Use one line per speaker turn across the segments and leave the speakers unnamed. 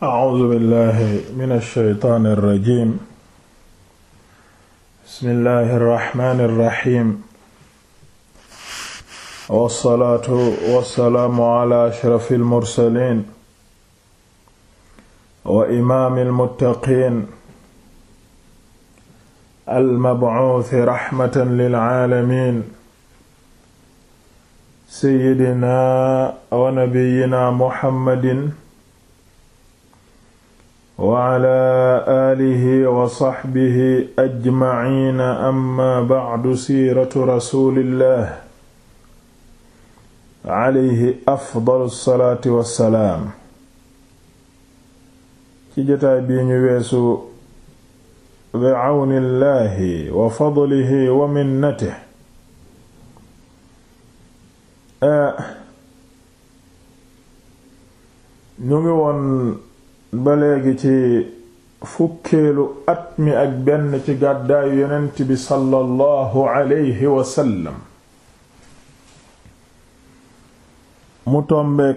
A'uuzu billaahi mina shaytaani rajiim. Bismillaahi rahmaani rahiim. Wassalaatu wassalaamu alaa ashrafil mursaliin. wa imaamil muttaqiin. Al-mab'uuthi rahmatan lil caalamiin. Sayyidinaa wa nabiyyinaa Muhammadin. waala aalihi wa saxbihi ajmaciina amma bacdu siiratu rasulillah alayhi afdalu salaati wassalaam ci jotaay bii ñu weesu bi cawni llahi wa ah, ñu ngi woon ba léegi ci fukkeelu at mi ak benn ci gàddaayu yonent bi sallallahu alayhi wasallam mu tombeek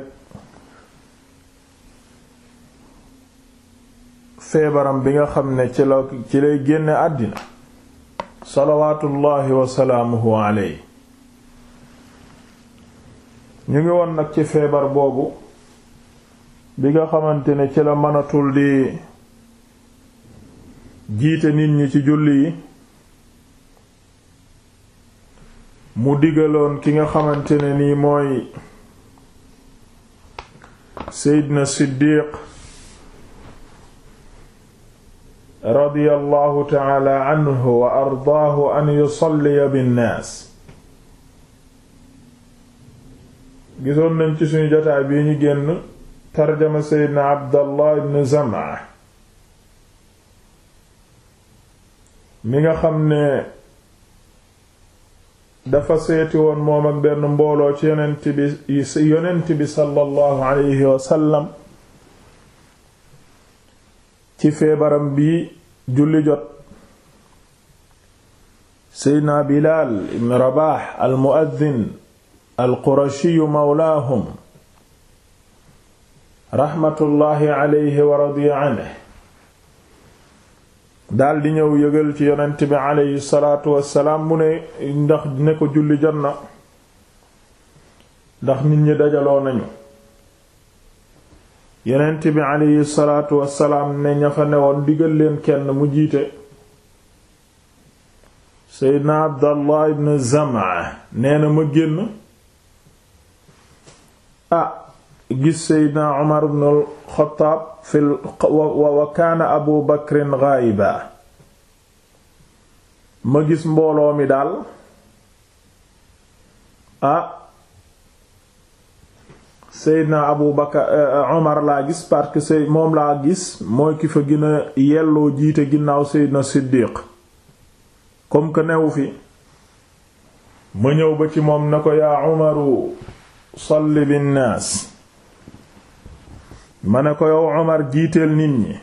feebaram bi nga xam ne ci la ci lay génne àddina salawaatullaahi wasalaamuhu alayhi ñu ngi woon nag ci feebar boobu bi nga xamante ne ci la mënatul di jiite nit ñi ci julli yi mu digaloon ki nga xamante ne nii mooy Seydina Siddiq radiyallahu ta'ala anhu wa ardaahu an yusalliya binnaas gisoon nañ ci suñu jotaay bii ñu génn tarjama seydna abdallah ibn zamaa mi nga xam ne dafa seeti woon moom ak benn mbooloo ci yonent bi yonent bi sallallahu alayhi wasallam ci feebaram bi julli jot seydna bilaal ibn rabax al muaddin al qurashiyu mawlaahum raxmatullaahi alayhi wa radiya anhu daldi ñëw yëgal ci yonent bi alayhi salaatu wassalaam mu ne ndax ne ko julli jot na ndax nit ñi dajaloo nañu yonent bi alayhi salaatu wassalaam ne ña fa newoon digal leen kenn mu jiite seydna abdallah ibn zamaa nee na ma génn ah, gis seydna Umar ibn al-Khattab fi wa kaana Abu Bakr ghaiba ma gis mbooloo mi daal ah seydna Abu Bakr Umar eh, laa gis parce que sey moom laa gis mooy ki fa gën yelloo jiite ginnaaw seydna Siddiq comme que newu fi ma ñëw ba ci moom na ko yaa Umaru salli binnaas ma ne ko yow Omar jiiteel nit ñi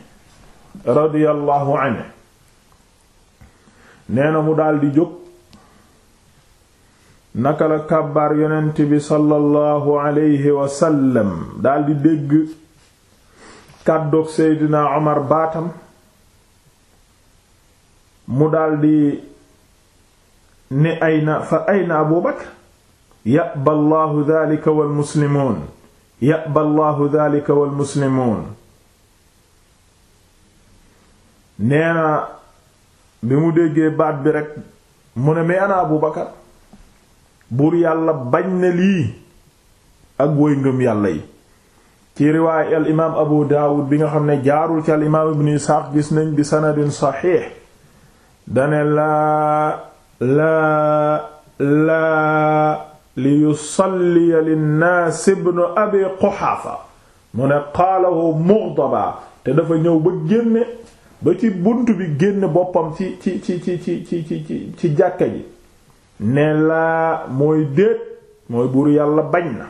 radiyallahu anhu nee mu daldi jóg naka la kàbbaar yonent bi sallallahu alayhi wa daldi dégg kàddoog Seydina Omar baatam mu daldi ni ayna fa ayna Abu ya'ba Allahu dhalika wal muslimun ya'ba allahu dhalika wal muslimuun nee na bi mu déggee baat bi rekk mu ne may ana abu bakar buur yàlla bañ na lii ak woy ngëm yàlla yi ci riwaaya al abu daawud bi nga xam ne jaarul ci al ibnu isxaaq gis nañ bi sanadin saxiix dane laa laa laa li yusalliya linnaas ibnu abi quxaafa mu ne qaalahu mughdaba te dafa ñëw ba génne ba ci bunt bi génn boppam ci ci ci ci ci jàkka ji ne laa mooy déet mooy buur yàlla bañ na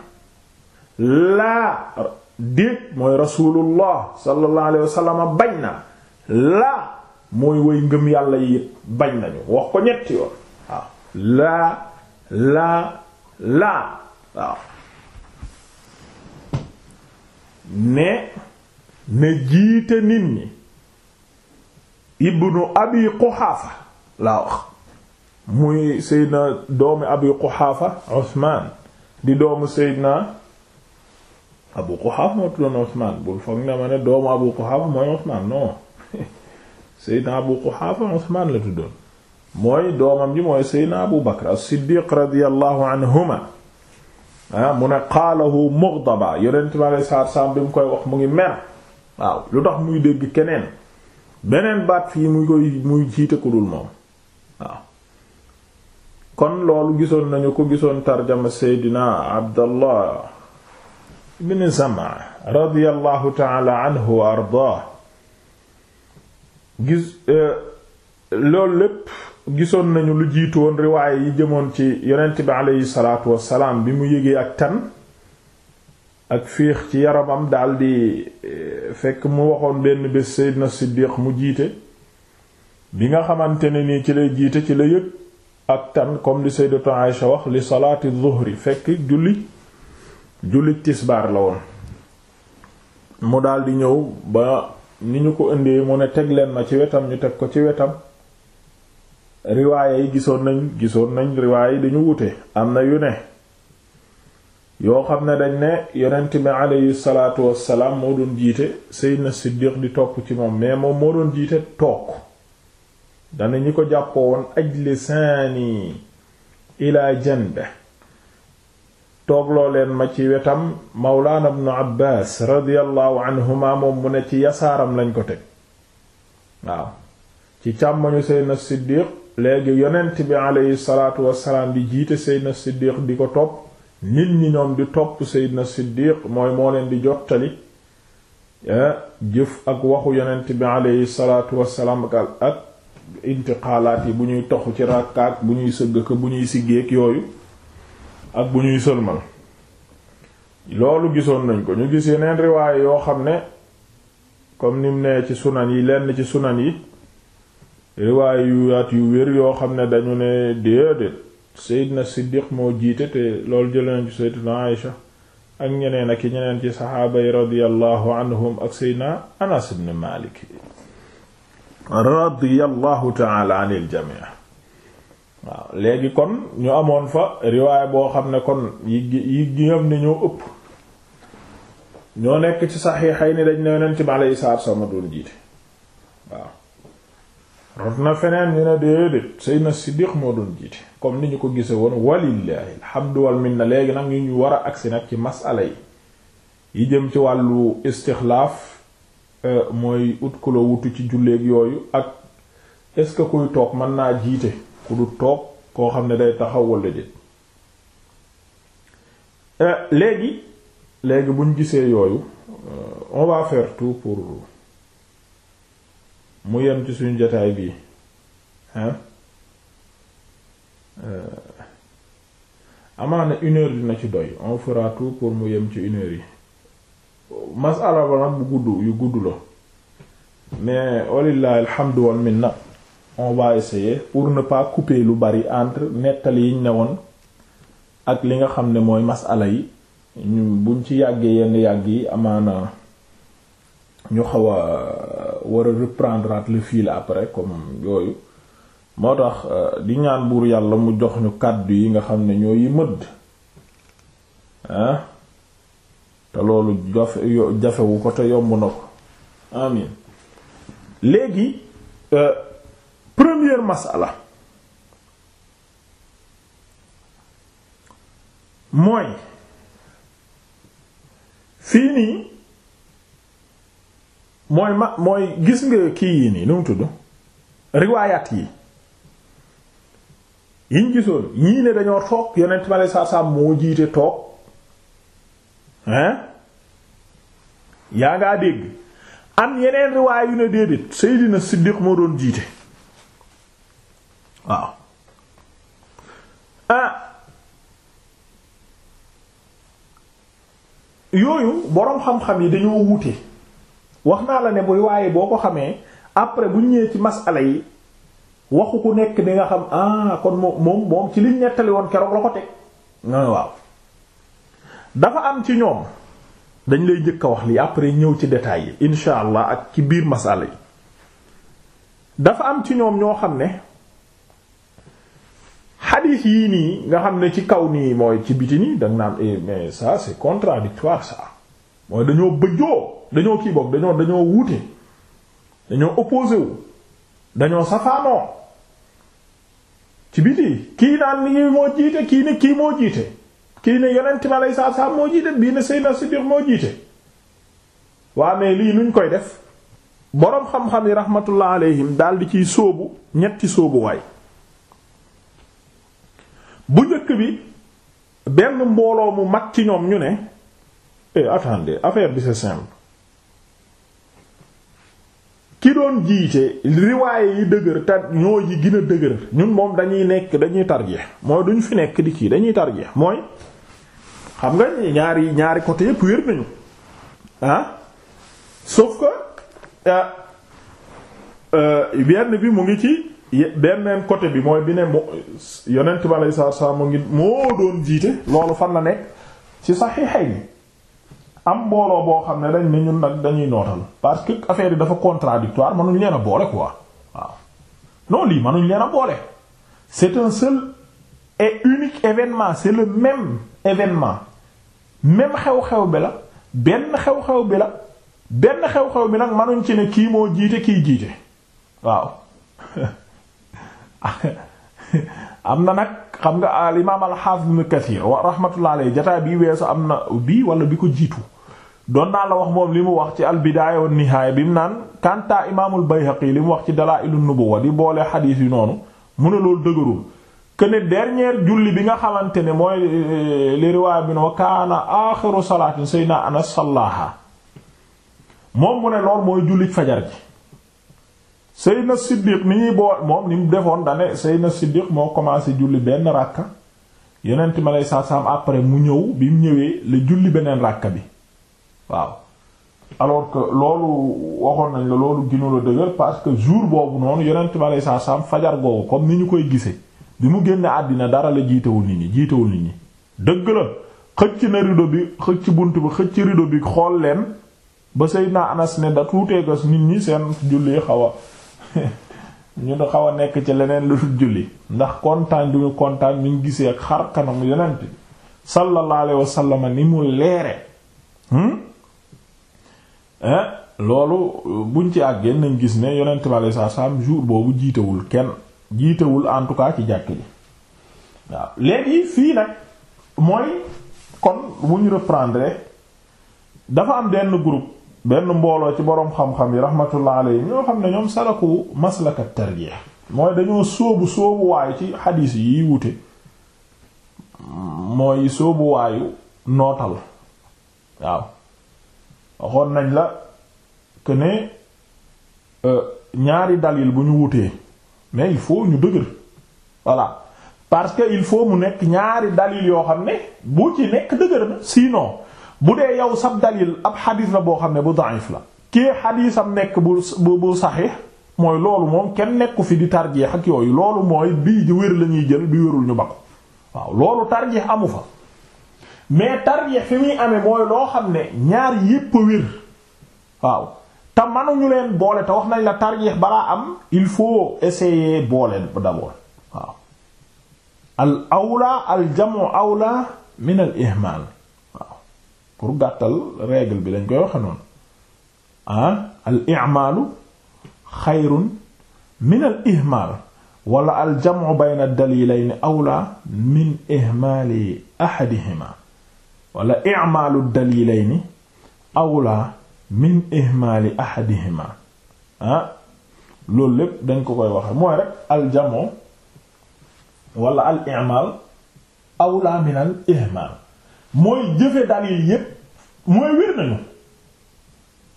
laa déet mooy rasulullah sallallahu alayhi bañ na laa mooy woy ngëm yàlla yi bañ nañu wax ko ñetti yoon laa laa laa waaw ne ne jiite nit ñi ibnu abi quxaafa laa wax muy seydna doomi abi quxaafa usmaan di doomu seydna abu quxaafa moo tuddoon usmaan bul foog ne ma ne doomu abu quxaafa mooy usmaan non seydna abu quxaafa usmaan la tuddoon mooy doomam yi mooy seydna abu bakr as-siddiq radiallahu anhuma ah mu ne qaalahu mughdaba yonent bi alei salaatu salaam bi mu koy wax mu ngi mer waaw lu tax muy dégg keneen beneen baat fii mu koy muy jiite ku dul moom waaw kon loolu gisoon nañu ko gisoon tarjama seydina abdallah ibn zama radiallahu taala anhu wa ardaa gis eh, loolu lépp gisoon nañu lu jiitu woon riwaaye yi jëmoon ci yonent bi aleyhi salaatu wassalaam bi mu yégee ak tan ak fiix ci yaramam daldi eh, fekk mu waxoon benn bés na Siddiq mu jiite bi nga xamante ne nii ci lay jiite ci la yëg ak tan comme li Sayyidatu Aïsha wax li salaati zuhri fekk julli julli tisbaar la woon mu daldi ñëw ba ni ñu ko indee mu ne teg leen ma ci wetam ñu teg ko ci wetam riwaaye yi gisoon nañ gisoon nañ riwaaye yi dañu wute am na yu ne yoo xam ne dañ ne yonent bi aleyhi salaatu wassalaam moo doon jiite Seydina Siddiq di topp ci moom mais moom moo doon jiite toog dana ko jàppoo woon ajlisaani ila janbe toog loo leen ma ci wetam mawlaana ibnu abbaas radiyallahu anhuma moom mu ne ci yasaaram lañ ko teg waaw ci càmmoñu seyna Siddiq léegi yonent bi aleyhi salaatu wassalaam di jiite seydna siddiq di ko topp nit ñi ñoom di topp seydna siddiq mooy moo leen di jottali eh, jëf ak waxu yonent bi aleyhi salaatu wassalaam ak intiqaalaat yi bu ñuy toxu ci ràkkaat bu ñuy sëgg ko bu ñuy siggeek yooyu ak bu ñuy sëlmal loolu gisoon nañ ko ñu gis yeneen riwaaye yoo xam ne comme nim nee ci sunan yi lenn ci sunan yi riwaay yu yaat yu wér yoo xam ne dañu ne déedéet Seydina Siddiq moo jiite te loolu jëlee nañ ci Seydina ak ñeneen ak ñeneen ci saxaaba yi ak Seydina Anas ibn Malik radiyallahu ta'ala anil jami' waaw léegi kon ñu amoon fa riwaay boo xam ne kon yi yi giyam ni ñoo ëpp ñoo nekk ci saxiixay ni dañ ne Yonent bi alayhi salaatu wa doon jiite waaw rot na feneen ñu na déedéet Seydina Siddiq moo doon jiite comme ni ñu ko gise woon walillahi alhamdu wal minna léegi nag ñu ñu war a agsi nag ci masala yi yi jëm ci wàllu istixlaaf euh, mooy ut ku la wutu ci julleeg yooyu ak est-ce que kuy toog mën naa jiite ku du toog koo xam ne day taxaw walla déet euh, léegi léegi buñ gisee yooyu euh, on va faire tout pour mu yem ci suñu jotaay bii hein euh, amaana une dina ci doy on fera tout pour mu yem ci une heure yi masala ba nag bu gudd yu gudd la mais walillahi alhamdu wal minna on va essayer pour ne pas couper lu bari entre nettali yiñ ne woon ak li nga xam ne mooy masala yi ñu buñ ci yàggee yenn yàgg yi amaana ñu xaw war a reprendre at le fil après comme yooyu moo tax euh, di ñaan buur yàlla mu jox ñu kàddu yi nga xam ne ñoo yi mëdd te loolu jafe jafewu ko te yomb na ko amin léegi euh, première masala mooy fii nii mooy ma mooy gis nga kii yi nii nu mu tudd riwaayaat yi yiñ gisoon ñii ne dañoo toog yonent ma lay saa saa moo jiite toog hein yaa ngaa dégg am yeneen riwaay yu ne déedéet Seydina Siddiq moo doon jiite waaw ah yooyu boroom xam-xam yi dañoo wute wax naa la ne buy waaye boo ko xamee après bu ñëwee ci masala yi waxu ku nekk di nga xam ah kon moom moom ci liñ nettali woon keroog la ko teg nga waaw dafa am ci ñoom dañ lay njëkk a wax lii après ñëw ci détails yi insha allah ak ci biir masala yi dafa am ci ñoom ñoo xam ne xadiis yii nii nga xam ne ci kaw nii mooy ci biti nii danga naan eh, mais ça c'est contradictoire ça mooy dañoo bëjjoo dañoo kii boog dañoo dañoo wuute dañoo opposé dañoo safaanoo ci biti kii naan ni ngi moo jiite kii ne kii moo jiite kii ne yonent ma lay saa saa moo jiite bii ne Seydina Siddiq moo jiite waa mais lii nuñ koy def boroom xam-xam yi rahmatullah alayhim daal di ciy sóobu ñetti sóobuwaay bu njëkk bi benn mbooloo mu mat ci ñoom ñu ne eh attendez affaire bi c'est simple ki doon jiite riwaaye yi dëgër te ñoo yi gën a dëgër ñun moom dañuy nekk dañuy tarjeex mooy duñ fi nekk di kii dañuy tarjeex mooy xam nga ñaari ñaari côté yëpp wér nañu ah sauf que ah, eh, benn bi mu ngi ci benneen côté bi mooy bi ne mu yonent bi aleyhi salaatu mu ngi moo doon jiite loolu fan la nekk ci saxiixa yi am mbooloo boo xam ne dañ ne ñun nag dañuy nootal parce que affaire yi dafa contradictoire mënuñ leen a boole quoi waaw non lii mënuñ leen a boole c'est un seul et unique événement c'est le même événement même xew-xew bi la benn xew-xew bi la benn xew-xew bi nag mënuñ ci ne kii moo jiite kii jiite waaw am na nag xam nga al imaam al hafiz ibn kathir wa rahmatullah alayhi jotaay bii weesu am na bii wala bi ko jiitu doon naa la wax moom li mu wax ci albidaaya wa nihaaya bi mu naan kanta imaamul bayhaqi li mu wax ci dalaa'ilu nubuwa di boole xadiis yi noonu mu ne loolu dëgërul que ne julli bi nga xamante ne mooy euh, li riwaaya bi no kaana aaxiru salaatin sayyidina anas sallaaha moom mu ne lool mooy julli fajar ji sayyidina siddiq ni ñuy boo moom ni mu defoon dane sayyidina siddiq moo commencé julli benn ràkka yeneen ma lay saa après mu ñëw bi mu ñëwee la julli beneen ràkka bi waaw alors que loolu waxoon nañ la loolu gënu la dëgër parce que jour boobu noonu yonent bi aleyhi saa salaam fajar boobu comme ni ñu koy gisee bi mu génnee àddina dara la jiitewul nit ñi jiitewul nit ñi dëgg la xëcc na rido bi xëcc bunt bi xëcc rido bi xool leen ba Seydina Anas ne da tuutee ko nit ñi seen julli xaw a ñu ne xaw a nekk ci leneen lu dul julli ndax kontaan bi kontaan ñu gisee xar kanam yonent bi sallallahu ni mu leere hmm? loolu buñ ci àggee nañ gis ne yonent bi alayhi salaam jour boobu jiitewul kenn jiitewul en tout cas ci jàkk ji waaw léegi fii nag mooy kon bu reprendre dafa am benn groupe benn mbooloo ci boroom xam-xam yi rahmatullah alayhi ñoo xam ne ñoom salaku maslaka tarjih mooy dañoo sóobu sóobu waayu ci xadiis yi wute mooy sóobu waayu nootal waaw waxoon nañ la que ne euh, ñaari dalil bu ñu wutee mais il faut ñu dëgër voilà parce que il faut mu nekk ñaari dalil yoo xam ne bu ci nekk dëgër na sinon bu dee yow sab dalil ab xadis la boo xam ne bu da'if la kii xadisam nekk bu bu saxiix mooy loolu moom kenn nekku fi di tarjeex ak yooyu loolu mooy bii di wér la ñuy jël bi wérul ñu ba ko waaw loolu tarjeex amu fa mais tarjeex fi muy amee mooy loo xam ne ñaar yépp a wér waaw te leen boole te wax nañ la tarjeex balaa am il faut essayer boole d'abord waaw al awla al jamu awla min al ihmal waaw pour gàttal règle bi lañ koy waxe noonu ah al i'malu xayrun min al ihmal wala al jamu bayna dalilayni awla min ihmali ahadihima wala i'maalu dalilayni awlaa min ihmaali ahadihima ah, loolu lépp dañ ko koy waxe mooy rek al jamoo wala al i'maal awlaa min al ihmaal mooy jëfe dalil yépp mooy wér nañu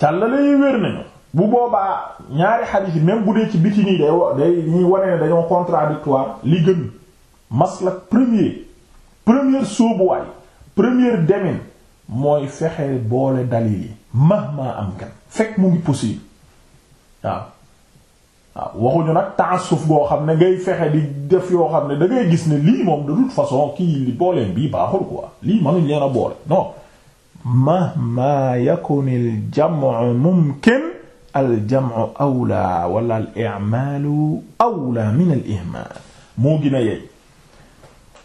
càllale yi wér nañu bu boobaa ñaari xadiis yi même bu dee ci biti nii day wa day ñuy wane ne dañoo contradictoire li gën maslak premier première sóobuwaay premier demin mooy fexe boole dalil yi mahma am kan fekk mu ngi possible waaw nag taassuf boo xam ne ngay fexe di def yoo xam ne da gis ne lii moom de toute façon kii li booleen bii baaxul quoi lii mënuñ leen a boole non mahma yakunil jam'u mumkin al jam'u awla wala min al ihmal moo gën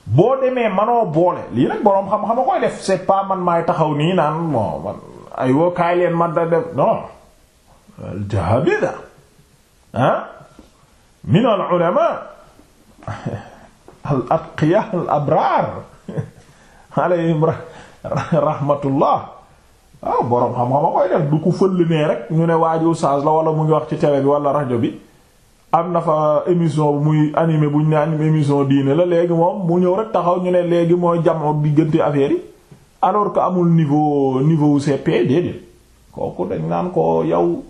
boo demee manoo boole lii nag boroom xam-xam a koy def c'est pas man maay taxaw nii naan bon man ay woo kaay leen man da def non aljahabida ah min al ulama al atqiya al abraar alayhim rahmatullah waaw boroom xam-xam a koy def du ko fëll nee rek ñu ne waaju saas la wala mu ngi wax ci télé bi wala rajo bi am na fa émission bu muy animé bu ñu naan émission diine la léegi moom mu ñëw rek taxaw ñu ne léegi mooy jamono diggante affaire yi alors que amul niveau niveau CP déedéet kooku dañ naan ko yow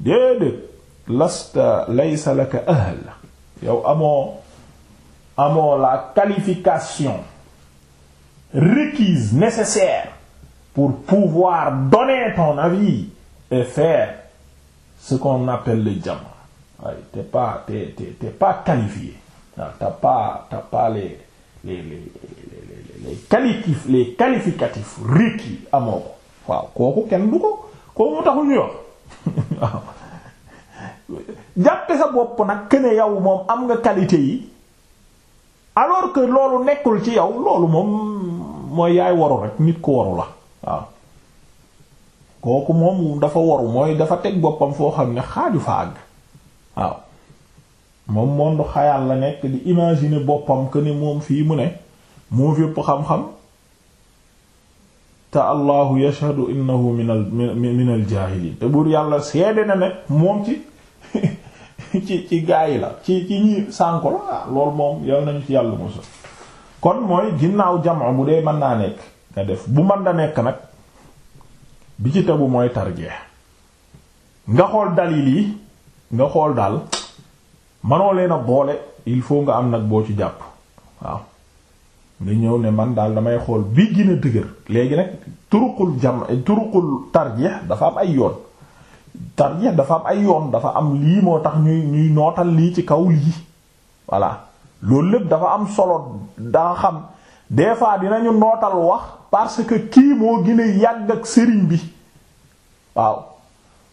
déedéet lasta laysa laka ahl yow amoo amoo la qualification requise nécessaire pour pouvoir donner ton avis et faire ce qu'on appelle le jam waaye t'es pas t'es t'es t'es pas qualifié waaw t'as pas t'as pas les les les les les qualitifs les amoo ko waaw kooku kenn du ko kooku mu taxu ñu wax jàppe sa bopp nag kene yow moom am nga qualité yi alors que loolu nekkul ci yow loolu moom mooy yaay waru rek nit ku waru la waaw kooku moom dafa waru mooy dafa teg boppam foo xam ne xaaju fa àgg waaw moom monde xayal la nekk di imaginer boppam que ni moom fii mu ne moo fépp xam-xam te allahu yashhadu innahu minal minal jaahiliin te buur yàlla seede na ne moom ci ci ci yi la ci ci ñi sànko la loolu moom yal nañu ci yàlla mosul kon mooy ginnaaw jamaa bu dee man naa nekk nga def bu mën da nekk nag bi ci tegu mooy tarjeex nga xool dalil yi nga xool daal manoo leen a boole il faut nga am nag boo ci jàpp waaw nga ñëw ne man daal damay xool bi gën a dëgër léegi nag turuqul jam turuqul tarjeex dafa am ay yoon tarjeex dafa am ay yoon dafa am lii moo tax ñuy ñuy nootal lii ci kaw lii voilà loolu lépp dafa am solo daa xam des fois dinañu nootal wax parce que kii moo gën a yàgg ak sëriñ bi waaw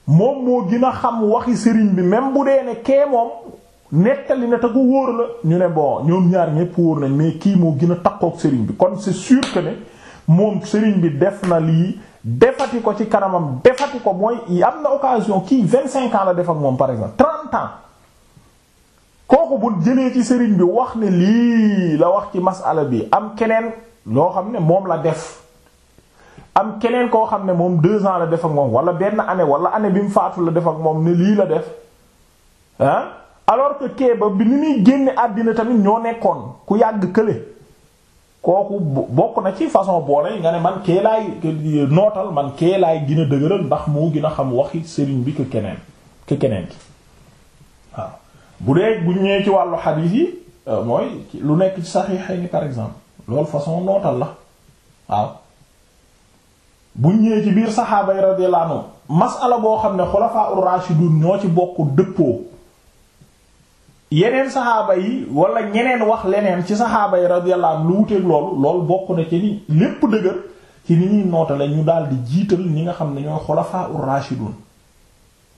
moom moo gën a xam waxi sëriñ bi même bu dee ne kee moom nettali na te wóor la ñu ne bon ñoom ñaar ñépp wóor nañ mais kii moo gën a takkook sëriñ bi kon c'est sûr que ne moom sëriñ bi def na lii defati ko ci kanamam defati ko mooy am na occasion kii vingt cinq ans la def ak moom par exemple trente ans kooku bu jëlee ci sëriñ bi wax ne lii la wax ci masala bi am keneen loo xam ne moom la def am keneen koo xam ne moom deux ans la def ak moom wala benn année wala année bi mu faatu la def ak moom ne lii la def ah alors que kee ba bi ni muy génne àddina tamit ñoo nekkoon ku yàgg kële kooku bokk na ci façon boole yi nga ne man kee laay nootal man kee laay gën a ndax moo gën a xam waxi sëriñ bi kë keneen que keneen ki waaw bu dee bu ñëwee ci wàllu xadiis yi euh, mooy lu nekk ci saxiix yi par exemple loolu façon nootal la waaw. bu ñëwee ci biir saxaaba yi radiyallahu anhu masala boo xam ne xulafaa ur-rashidun ñoo ci bokk dëppoo yeneen saxaaba yi wala ñeneen wax leneen ci saxaaba yi radiyallahu anhu lu wuteeg loolu loolu bokk na ci li lépp dëgër ci ni ñuy nootale ñu daal di jiital ñi nga xam ne ñooy xulafaa ur-rashidun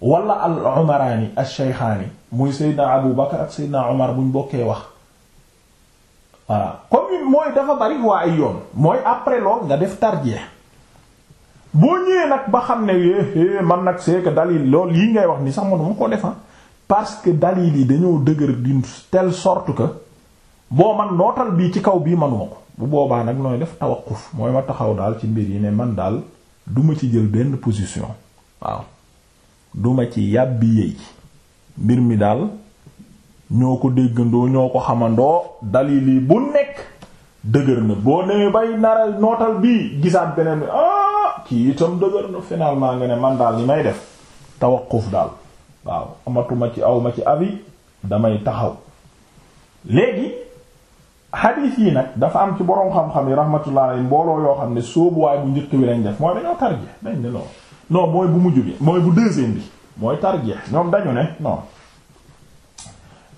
wala al umaraani ash-shaykhaani muy Seydina Abu Bakar ak Seydina Umar buñ bokkee wax voilà comme mooy dafa bari waa ay yoon mooy après lool nga def tarjeex boo ñëwee nag ba xam ne é eh, eh, man nag c'est que lool yi ngay wax ni sax man ko defan ah. parce que dalil yi dañoo dëgër di tel sort que boo man nootal bii ci kaw bii manuma ko bu boobaa nag nooy def tawakkuf mooy ma taxaw daal ci mbir yi ne man daal duma ci jël benn position waaw duma ci yàbbi yey mbir mi daal ñoo ko déggandoo ñoo ko xamandoo dalil yi bu nekk dëgër na boo nee bay naral nootal bii gisaat beneen bi ah kii itam dëgër na finalement nga ne man daal li may def tawakkuf daal waaw amatuma ci awma ci abi damay taxaw léegi xadiis yi nag dafa am ci boroom xam-xam yi rahmatullah alayhi mbooloo yoo xam ne sóobuwaay bu njëkk bi lañ def mooy dañoo tarjeex dañ bu mujj bi mooy bu deuxième bi mooy tarjeex ñoom dañu ne non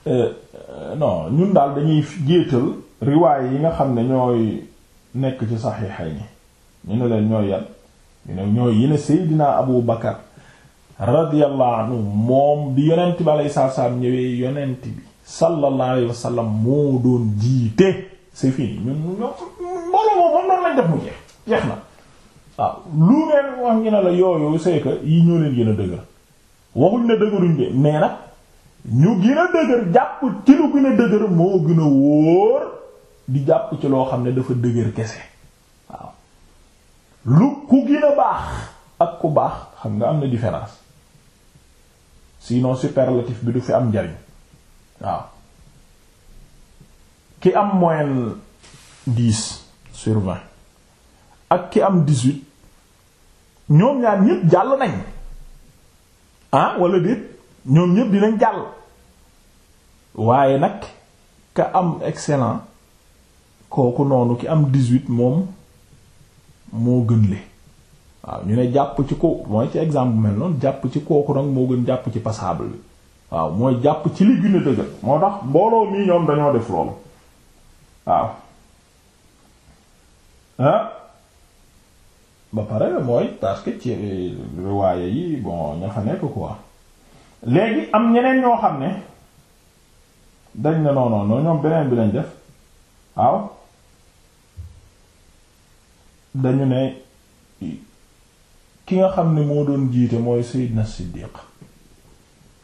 euh, euh, non ñun daal dañuy géetal riwaay yi nga xam ne ñooy nekk ci saxiixa yi ñu ne leen ñooy yan ñu ne ñooy yene Seydina Abu Bakar radiyallahu anhu moom bi yonent bi alayhi salaatu salaam ñëwee yonent bi sallallahu alayhi wa moo doon jiite c'est fini ñun ñoo mbooloo moom moom noonu lañ def mu jeex jeex na waaw lu ngeen wax ñu ne la yooyu c'est yi ñoo leen gën a dëgër waxuñ ne dëgëruñ de mais nag ñu gën a dëgër jàpp ci lu gën a dëgër moo gën a wóor di jàpp ci loo xam ne dafa dëgër kese lu ku gën baax ak ku baax xam nga am na différence sino superlatif bi du fi am njariñ waaw ki am moyenne diis sur ak ki am dix-huit ñoom ñaar ñépp jàll nañ ah wala déet ñoom ñépp dinañ jàll waaye nag ka am excellent kooku noonu ki am dix-huit moom moo gën li waaw ñu ne jàpp ci ko mooy ci exemple mel noonu jàpp ci kooku nag moo gën jàpp ci passable bi waaw mooy jàpp ci li gën a moo tax mbooloo mii ñoom dañoo def loolu waaw ah ba pare mooy parce que ci riwaaya yi bon ña fa nekk quoi léegi am ñeneen ñoo xam ne dañ ne non non ñoom beneen bi lañ def waaw dañu ne ki nga xam ne moo doon jiite mooy Seydina Siddiq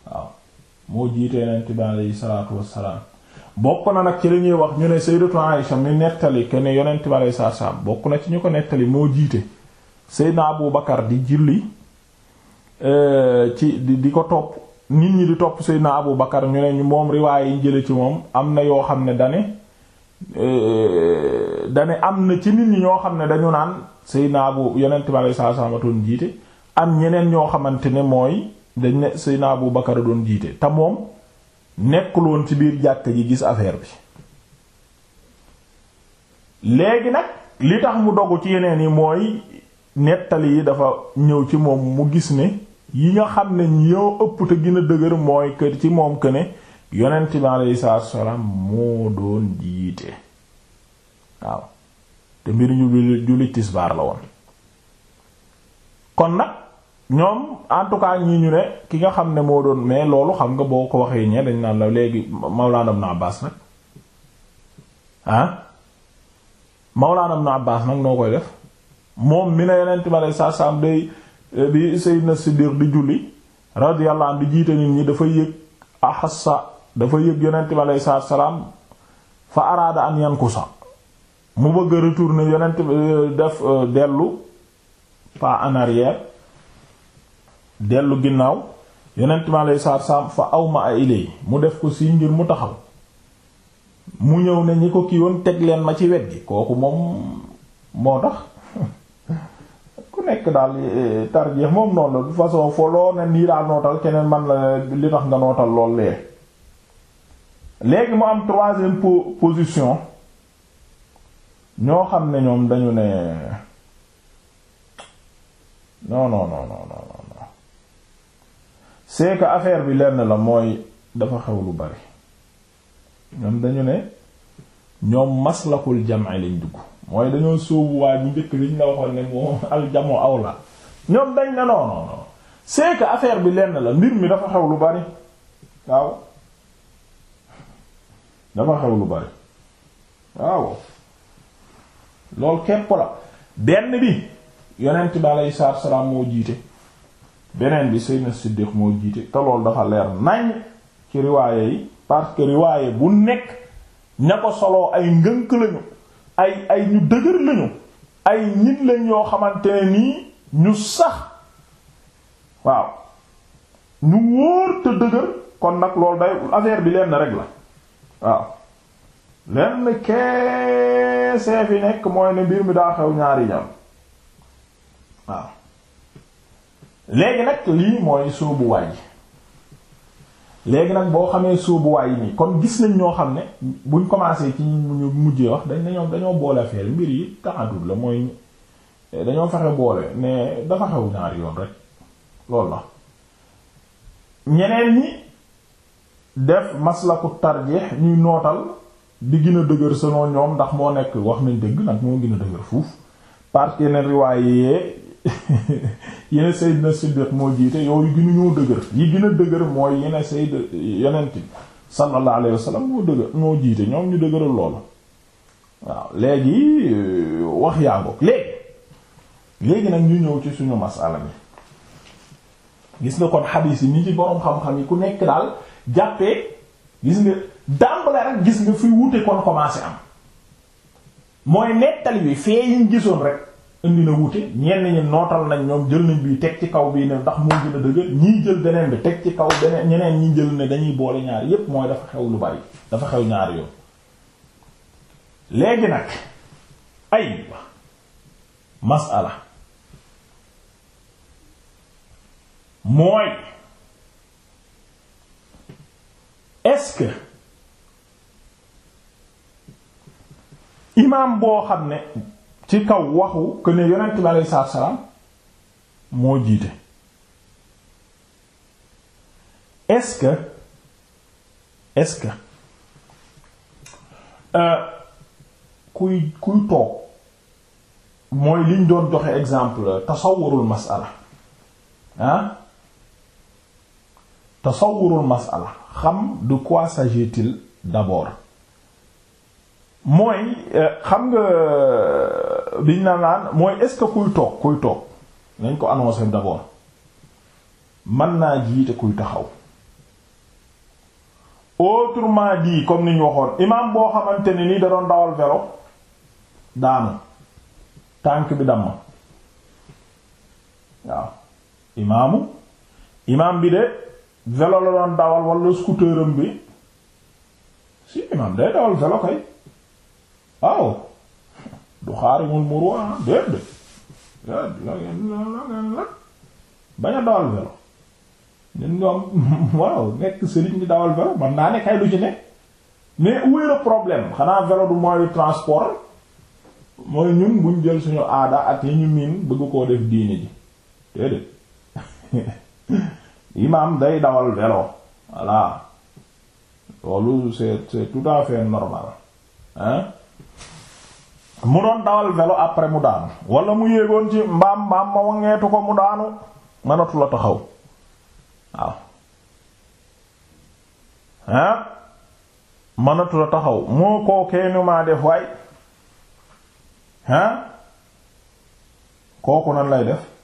waaw moo jiite yonent bi aleyhi salaatu wassalaam bokk na nag ci li ñuy wax ñu ne Sayyidatu Aïsha mi nettali que ne yonent bi aleyhi salaatu wassalaam bokk na ci ñu ko nettali moo jiite naa bu Bakar di julli euh, ci di ko topp nit ñi di topp naa Abu Bakar ñu ne ñu moom riwaay yi jële ci moom am na yoo xam ne dane Euh, dane am na ci nit ñi ñoo xam ne dañu naan Seydina naa bu bi alayhi salaam doon jiite am ñeneen ñoo xamante ne mooy dañ ne Seydina Abu Bakar doon jiite te moom nekkuloon ci biir jàkk ji gis affaire bi léegi nag li tax mu dogu ci yeneen yi mooy nettali yi dafa ñëw ci moom mu gis ne yi nga xam ne ñoo ëpp te gën a dëgër mooy kër ci moom que yonent bi alayhi salaatu wassalaam moo doon jiite waaw te mbir ñu tisbaar la woon kon nag ñoom en tout cas ñi ñu ne ki nga xam ne moo doon mais loolu xam nga boo ko waxee ñee dañ naan la léegi Mawlaana Ibn Abbaas nag ah Mawlaana Ibn Abbaas nag noo koy def moom mi ne yonent bi alayhi salaatu wassalaam day bi Sayyidna Siddiq di julli radiyallahu anhu di jiite nit ñi dafa yëg ahassa dafa yëg yonent bi aleyhi salaatu salaam fa araada an yankusa mu bëgg a retourner yonent euh, def euh, dellu pas en arrière dellu ginnaaw yonent bi aleyhi salaatu salaam fa awma a ilay mu def ko si ngir mu taxaw mu ñëw ne ñi ko kii woon teg leen ma ci wet gi kooku moom moo tax ku nekk daal euh, tarjeex moom noonu la de façon foo ne nii daal nootal keneen man la li tax nga nootal lool lee léegi mu am troisième position ñoo xam ne ñoom dañu ne non non non non non c'est que affaire bi lenn la mooy dafa xew lu bari ñoom dañu ne ñoom maslakul jam'i lañ dugg mooy dañoo sóobu waa ñu njëkk liñ la waxoon ne moo aljamu awla ñoom dañ ne non non non c'est que affaire bi lenn la mbir mi dafa xew lu bari waaw. dama xew lu bari waaw loolu képp la benn bi yonent bi aleyhi salaam moo jiite beneen bi Seydina Siddiq moo jiite te loolu dafa leer nañ ci riwaaye yi parce riwaaye bu nekk ña ko soloo ay ngënk lañu ay ay ñu dëgër lañu ay nit lañ yoo xamante nii ñu sax waaw ñu wóor te dëgër kon nag loolu day affaire bi leen rek la waaw lenn keesee fi nekk mooy ne mbir mi daa xew ñaari ñam waaw léegi nag lii mooy sóobuwaay léegi nag boo xamee sóobuwaay yi nii kon gis nañ ñoo xam ne buñ commencé ci ñu mujjee wax dañ dañoo dañoo boole affaire mbir yi taxadul la mooy dañoo fexe boole ne dafa xew ñaari yoon rek loolu la ñeneen ñi def maslaku tarjeex ñuy nootal di gin a dëgër selon ñoom ndax moo nekk wax nañ dëgg nag moo gën a dëgër fuuf parce que yeneen riwaaye yee yeneen Seydina Siddiq moo jiite yooyu gënu ñoo dëgër yi gën a dëgër mooy yeneen Seydina yeneen ti sallallahu alayhi moo dëgër moo jiite ñoom ñu dëgëral loolu waaw léegi euh, wax yaa ngoog léegi léegi nag ñu ñëw ci suñu masala mi gis nga kon xadiis yi ni ci boroom xam-xam yi ku nekk daal jàppee gis nga dàmbale rek gis nga fi wuute kon commencé am mooy nettali bi fee yiñ gisoon rek indi na wuti ñenn ñi nootal nañ ñoom jël nañ bi teg ci kaw bii ne ndax moo gën a dëgër jël beneen bi teg ci kaw beneen ñeneen ñi jël ne dañuy boole ñaar yépp mooy dafa xew lu bari dafa xew ñaar yoon léegi nag ay masala mooy est-ce que imaam boo xam ne ci kaw waxu que ne yonent bi aleyhi salaam moo jiite est-ce euh, kuy kuy toog mooy liñ doon joxe exemple tasawurul masala ah tasawurul masala xam de quoi s'agit-il d'abord mooy euh, xam nga euh, biñ na naan mooy est kuy toog kuy toog nañ ko annoncer d'abord mën naa jiite kuy taxaw autrement dit comme ni ñu waxoon imam boo xamante ne nii da doon dawal vélo daanu tànk bi damm waaw imaamu imam bi de vélo la doon dawal wala scooteram bi si imam day dawal vélo kay waaw du xaari mun murwa ah, déet de la ngeen la bañ a dawal vélo ñun ñoom waaw nekk sëriñ di dawal vélo man naa ne kay lu ci ne mais où est le problème xanaa vélo du moyen de transport mooy ñun buñ jël suñu aada ak yi ñu miin bëgg koo def diine ji déedéet imam day dawal vélo voilà loolu c'est c'est tout à fait normal hein mu doon dawal vélo après mu daanu wala mu yéegoon ci mbaam mbaam ma wangeetu ko mu daanu mënatu taxaw waaw hein mënatu taxaw moo kookee nu maa def waay hein kooku nan lay def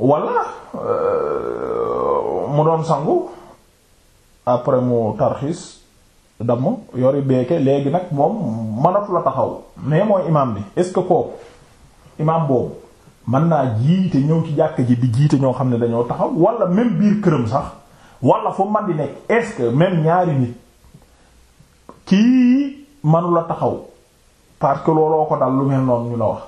wala euh, mu doon sangu après mu tarxiis damm yori beeke léegi nag moom mënatu la taxaw mais mooy imaam bi est-ce que kooku imaam boobu mën naa jiite ñëw ci jàkk ji di jiite ñoo xam ne dañoo taxaw wala même biir këram sax wala fu man di nekk est-ce que même ñaari nit kii mënula taxaw parce que looloo ko dal lu mel noonu ñu la wax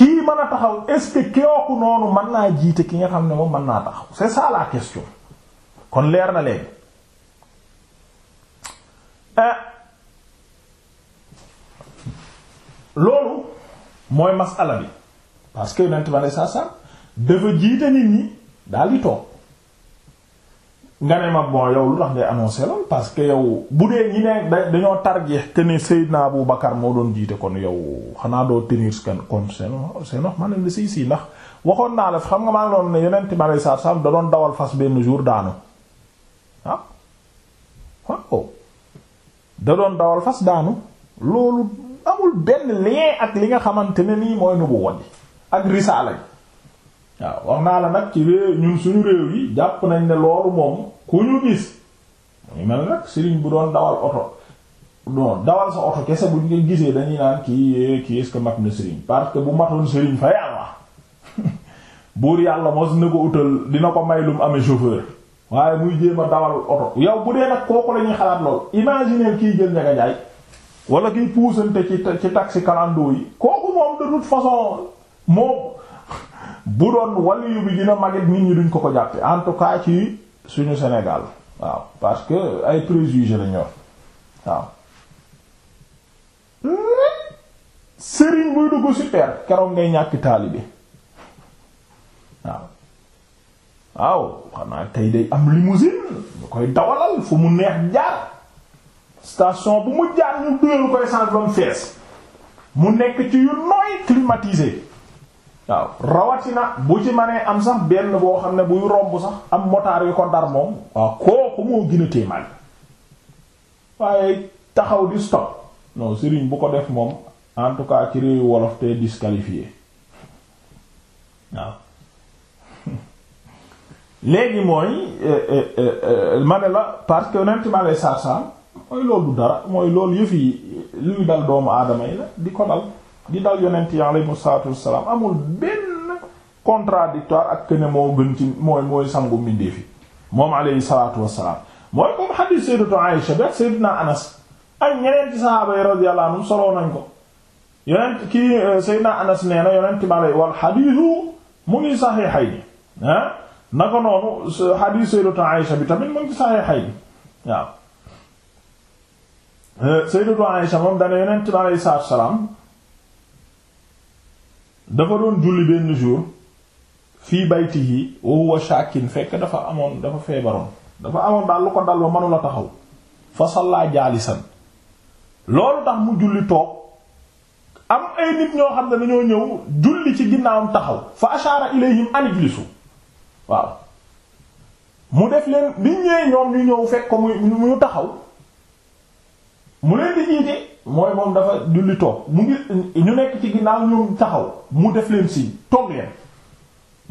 kii mën a taxaw est-ce que noonu mën naa jiite ki nga xam ne moom mën naa taxaw c'est ça la question kon leer na léegi euh, loolu mooy masala bi parce que yonent ba ne saa saa dafa jiite nit ñi daal di toog nga ne ma bon yow lu tax ngay annoncé lool parce que yow bu dee ñi ne dañoo tarjeex que ne Seydina bu Bakar moo doon jiite kon yow xanaa doo tenir kan kon seen wax man ne la si si ndax waxoon naa la xam nga maa ngi doon ne yeneen timare yi sax da doon dawal fas benn jour daanu ah da doon dawal fas daanu loolu amul benn lien ak li nga xamante ne nii mooy nu bu wàññi ak risaala waaw wax naa la nag ci réew ñun suñu réew yi jàpp nañ ne loolu moom ku ñu gis muy mel nag sëriñ bu doon dawal oto non dawal sa oto kese buñ nga gisee dañuy naan kii kii est-ce que mat na sëriñ parce que bu matoon sëriñ fa yàlla buur yàlla mos na ko utal dina ko may lu mu amee chauffeur waaye muy jéem a dawal oto yow bu dee nag kooku la ñuy xalaat lool imaginer kii jël ña nga jaay wala kiy puusante ci ci taxi yi kooku moom de façon moom. bu doon waliyu bi dina magit nit ñi duñ ko ko jàppe en tout cas ci suñu Sénégal waaw parce que ay préjugés la ñor waaw sëriñ buy dugg si per keroog ngay ñàkk taalibe waaw waaw xanaa tey day am limousine ñu koy dawalal fu mu neex jaar station bu mu jaar ñu duyal koy sens fees mu nekk ci yu nooy climatisé waaw na bu ci manee am sax benn boo xam ne buy romb sax am motaar yu ko dar moom waaw kooku moo gën a téemal waaye taxaw di stop non Serigne bu ko def moom en tout cas ci réewu wolof te disqualifié waaw léegi mooy eh, eh, eh, ma ne la parce que honnêtement les sarsam mooy loolu du dara mooy loolu yëf luy dal doomu aadama yi la di ko dal di dal yonent yi alayhimu salaatu wassalaam amul benn contradictoire ak ne moo gën ci mooy mooy sangu mbindeef yi moom alayhi salaatu wassalaam mooy comme xadiis sayyidatu Aïsha bi ak sayyidina euh, na yonent ma lay ah, bi tamit mu ngi saxiixay ni waaw euh, sayyidatu Aïsha moom dana yonent ma lay salaatu wassalaam dafa doon julli benn jour fii baytihi wa huwa shakin fekk dafa amoon dafa feebaroon dafa amoon daal lu ko dal ba mënula taxaw fa salla jaalisan loolu tax mu julli toog am ay nit ñoo xam ne dañoo ñëw julli ci ginnaawam taxaw fa ashara ilayhim an waaw mu def leen biñ ñëwee ñoom ñu ñëw fekk ko muy mu taxaw mu leen di jiite mooy moom dafa julli toog mu ngi ñu nekk ci ginnaaw ñoom taxaw mu def leen si toog leen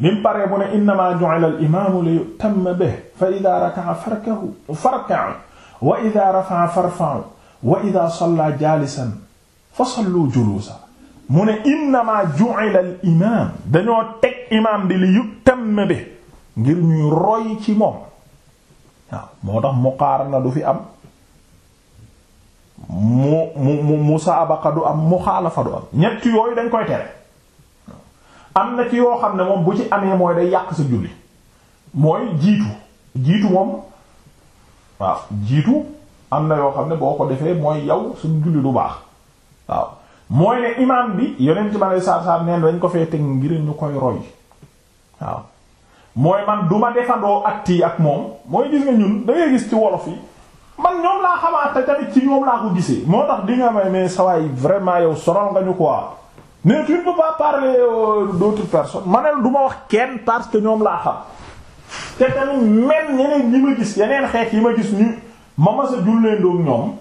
lim paree mu ne innama ju'ila al li yutamma bihi fa idha raka'a farka'u wa idha rafa'a farfa'u wa idha salla jalisan fa sallu julusa mu ne innama ju'ila al imaam dañoo teg imaam bi li yutamma bihi ngir ñuy roy ci moom waaw moo tax muqaarana du fi am mu mu mu musaabaqa du am muxaalafa du am ñett yooyu dañ koy tere am na ci yoo xam ne moom bu ci amee mooy day yàq sa julli mooy jiitu jiitu moom waaw jiitu am na yoo xam ne boo ko defee mooy yow su julli du baax waaw mooy ne imaam bi yonent ma lay saar saar neen dañ ko fee teg ngir ñu koy roy waaw mooy man duma defandoo acte ak moom mooy gis nga ñun dangay gis ci wolof yi man ñoom laa xamaata tamit ci ñoom laa ko gisee moo tax di nga may mais sawaay vraiment yow sonal nga ñu quoi mais tu ne peux pas parler euh, d'autres personnes ma du ma wax kenn parce que ñoom laa xam te tamit même ñeneen ñi ma gis yeneen xeet yi ma gis ñu ma ma sa julleen doog ñoom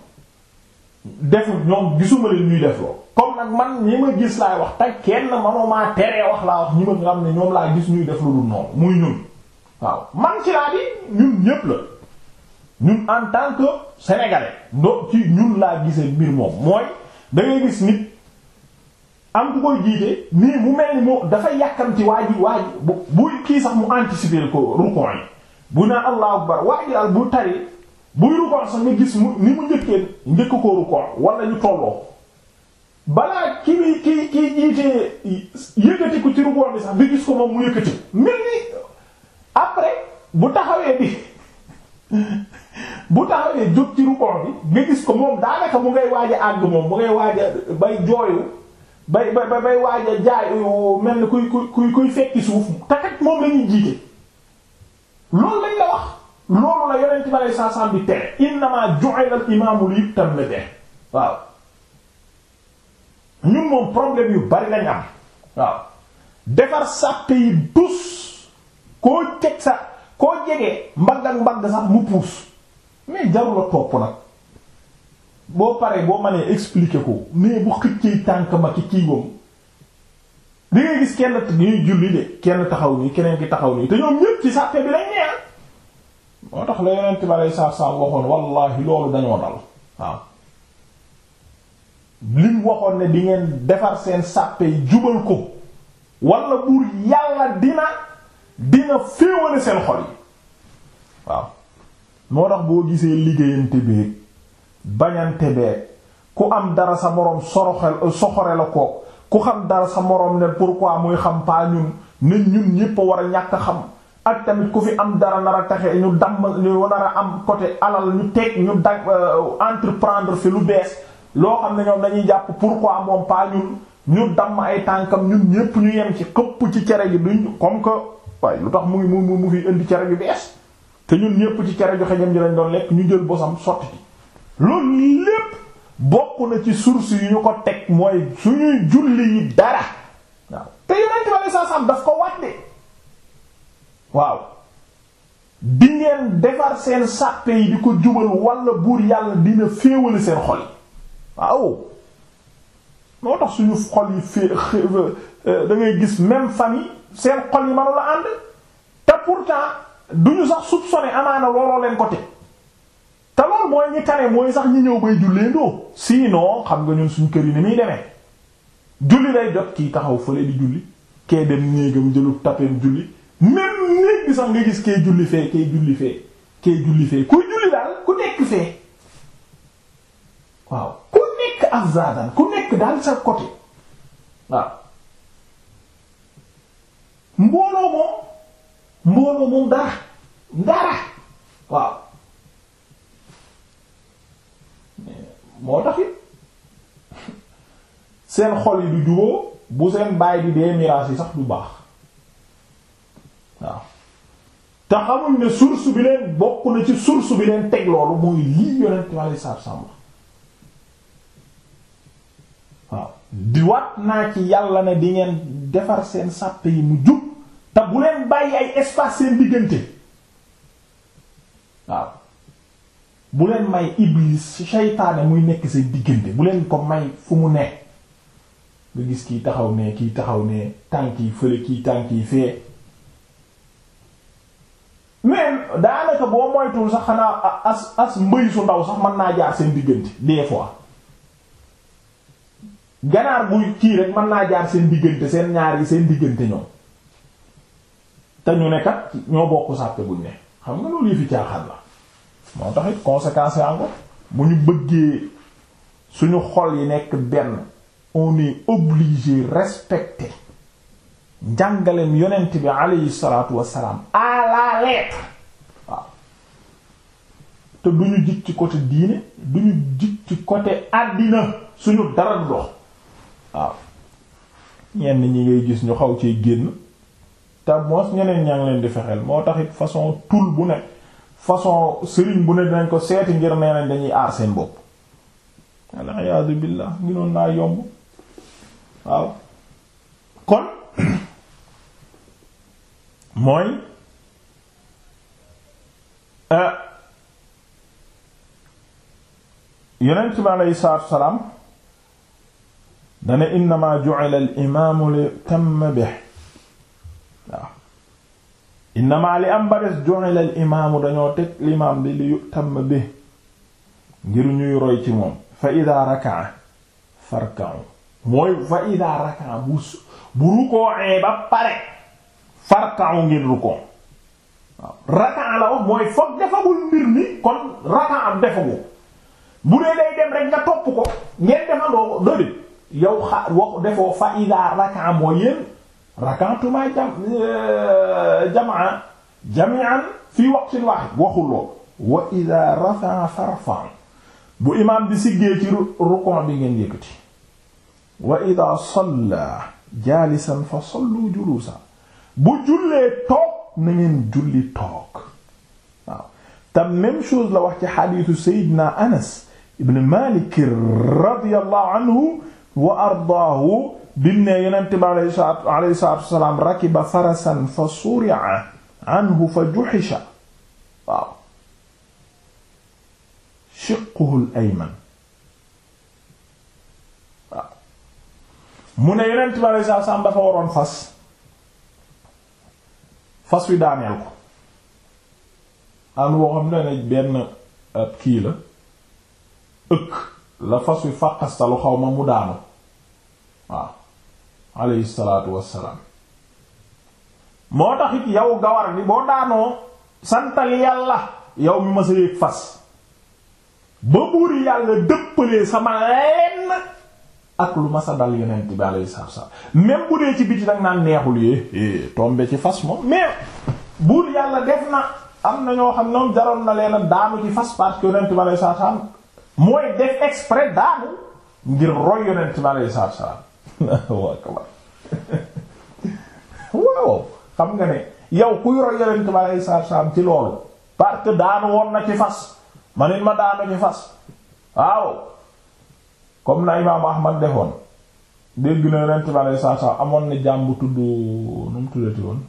def ñoom gisuma leen ñuy def loo comme nag man ñi ma gis laay wax te kenn manomaa teree wax laa wax ñi ma nga xam ne ñoom laa gis ñuy def lu dul noonu muy ñun waaw man ci laa bi ñun ñun en tant que sénégalais do ci ñun laa gisee mbir moom mooy da ngay gis nit am ku koy jiite nii mu mel ni moo dafa yàkkamti waa ji waa ji bu kii sax mu anticiper ko rukon yi bu naa allahu akbar waa ji daal bu tari buy rukon sax nga gis mu ni mu njëkkee njëkk ko rukon wala ñu tolloo balaa ki bi ki jiitee yëkkati ci rukon bi sax bi gis ko moom mu yëkkati mel ni après bu taxawee bi bu taxawee jóg ci ruqon bi nga gis ko moom daanaka mu ngay waaj a àgg moom mu ngay waaj bay jooyu bay bay bay waaj a mel ni kuy kuy kuy fekki suuf te kat moom la ñuy jiite. loolu lañ la wax loolu la yonent bi alayhi salaam bi tere innamaa ju'ila al-imaamu liyu'tamma waaw ñun moom problème yu bari lañ am waaw defar sàppe yi dus koo teg sa koo jege mbagg mbagg sax mu puus. mais jarul a topp nag boo paree boo manee expliquer ko mais bu xëccee tànk ma ki kii moom da ngay gis kenn ñuy julli de kenn taxaw nii keneen ki taxaw nii te ñoom ñépp ci sàppe bi lañ nee ah. moo tax la yonent bi aleyhi salaatu salaam waxoon wallahi loolu dañoo dal waaw lim waxoon ne di ngeen defar seen sàppe jubal ko wala buur yàlla dina dina féewale seen xol yi waaw moo tax boo gisee liggéeyante beeg bañante beeg ku am dara sa moroom soroxel soxore la ko ku xam dara sa moroom ne pourquoi muy xam paa ñun ne ñun ñépp a war a ñàkk xam ak tamit ku fi am dara nar a taxe ñu damm ñu nar a am côté alal ñu teg ñu da euh, entreprendre fi lu bees loo xam ne ñoom dañuy jàpp pourquoi moom paa ñun ñu damm ay tànkam ñun ñépp ñu yem ci këpp ci cere ji duñ comme que waaye lu tax mu ngi mu mu fi indi cere ju bees te ñun ñépp ci cere joxe ñam ji lañ doon lekk ñu jël bosam sotti loolu lépp bokk na ci source yu ñu ko teg mooy suñuy julli yi dara waaw te yonent ba ne saasam daf ko wàtte waaw bi ngeen defar seen sàppe yi di ko jubal wala buur yàlla dina féewale seen xol waaw moo tax suñu xol yi fee euh, da ngay gis même famille seen xol yi mënu la ànd te pourtant duñu sax soupçonné amaana looloo leen ko teg te lool mooy ñi tane mooy sax ñi ñëw bay julleendoo sinon xam nga ñun suñ kër yi ni muy demee julli lay jot kii taxaw fële di julli kee dem néegam jëlub tapeem julli même néeg sax nga gis kee julli fee kee julli fee kee julli fee ku julli daal ku nekk fee waaw ku nekk afzadan ku nekk daal sa côté waaw mbooloo moom mbooloo moom dara dara waaw moo tax it seen xol yi du juboo bu seen baay bi dee miraas yi sax du baax waaw te xamuñ ne source bi leen bokk na ci source bi leen teg loolu mooy lii yonent ma saab sàmm waaw di wat naa ci yàlla ne di ngeen defar seen sàpp yi mu jub te bu leen bàyyi ay espace seen diggante waaw bu leen may iblis seytaane muy nekk seen diggante buleen ko may fu mu ne nga gis kiy taxaw ne kiy taxaw ne tànk yi fële kiy tànk yi fee mais daanaka boo moytuwul sax xanaa as as mbëy su ndaw sax mën naa jaar seen diggante des fois ganaar buy kii rek mën naa jaar seen diggante seen ñaar yi seen diggante ñoom te ne kat ñoo bokk sàppe buñ ne xam nga loolu yëfi caaxaan la moo tax it conséquence ango bu ñu bëggee suñu xol yi nekk benn on est obligé respecter njàngaleem yonent bi alayhi salaatu wassalaam à la lettre waaw te du ñu jig ci côté diine du ñu jig ci côté àddina suñu dara dox waaw ñenn ñi ngay gis ñu xaw ci génn te moos ñeneen ñaa leen di fexeel moo taxit façon tul bu ne façon sëriñ bu ne dinañ ko seeti ngir nee nañ dañuy aar seen bopp aliyasu billah ginoon naa yomb waaw kon mooy eh, yonent bi aleyhi salaam dana innamaa ju'ila al imaamu li yu'tamma bihi innama li am ba des ju'ila imaamu dañoo teg limaam bi li yutam bi ngir ñuy roy ci moom fa ida raka'a mooy fa ida mooy foog defagul mbir mi kon raka'a defagul bu dee day dem rek nga topp ko ngeen defandoo ko doole yow xa wax defoo fa ida mooy yéen rakantuma jam euh, jamaa jamian fii waqtin wahid waxul lool wa ida rafa'a farfa bu imaam bi siggee ci rukon bi ngeen yëkkati wa ida salla jaalisan fa sallu juluusa bu jullee toog na ngeen julli toog waaw te même chose la wax ci xadiisu Seydina Anas ibn Malik radiyallahu anhu wa ardaahu bim ne yonent bi alayhi salaatu wasalaam rakiba farasan fa suri'a anhu fa juhisha waaw ayman mu ne yonent bi alayhi salaatu wasalaam dafa waroon fas fas wi daaneel ko am woo xam ne benn ab kii la ëkk la fas wi fàqastalu xaw ma mu daanu alayhi salaatu wassalaam moo taxit yow gawar bi boo daanoo santal yàlla yow mi ma sa yéeg fas ba buur yàlla dëppalee sama lenn ak lu ma sa dal yonent bi alayhi salaatu wassalaam même bu dee ci biti nag naan neexul yee eh, eh, tombe ci fas moom mais buur yàlla def na am na ñoo xam ñoom jaroon na leena daanu ci fas parce que yonent bi alayhi salaatu wassalaam mooy def exprès daanu ngir roy yonent bi alayhi salaatu wassalaam waaw xam nga ne yow kuy roy yonent bi alayhi salaam ci loolu parce que daanu woon na ci fas manit ma daanu ci fas waaw comme na imaam Ahmad defoon dégg na yonent bi alayhi salaam amoon na jaam bu tudd nu mu tuddati woon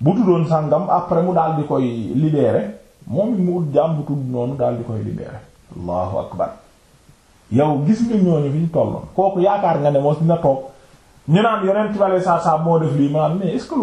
bu tuddoon sàngam après mu daal di koy libérer moom it mu ut jaam tudd noonu daal di koy libérer allahu akbar yow gis nga ñooñu fi ñu tolloon kooku yaakaar nga ne moos dina toog ñu naan yonent bale saa saa moo def lii maanaam mais est-ce ko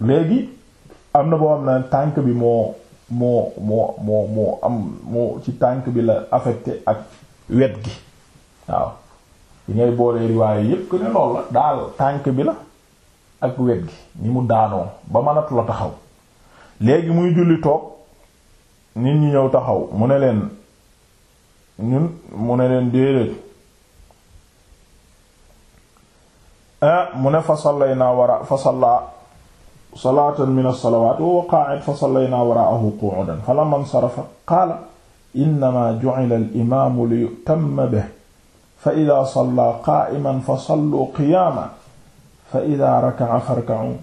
ma léegi am na boo xam ne tànk bi moo moo moo moo moo am moo ci tànk bi la affecté ak wet gi waaw yi ngay boolee riwaaye yépp que ne loolu la daal tànk bi la ak wet gi ni mu daanoo ba mënatu la taxaw léegi muy julli toog nit ñi ñëw taxaw mu ne leen ñun mu ne leen déedéet ah, mu ne fa sallaynaa wara fa salla salaatan min as-salawaat wa qaa'id fa sallaynaa waraa'ahu qu'uudan falammaa insarafa qaala innamaa ju'ila al-imaamu liyu'tamma bihi fa-idhaa sallaa qaa'iman fasalluu qiyaaman fa-idhaa raka'a farka'uu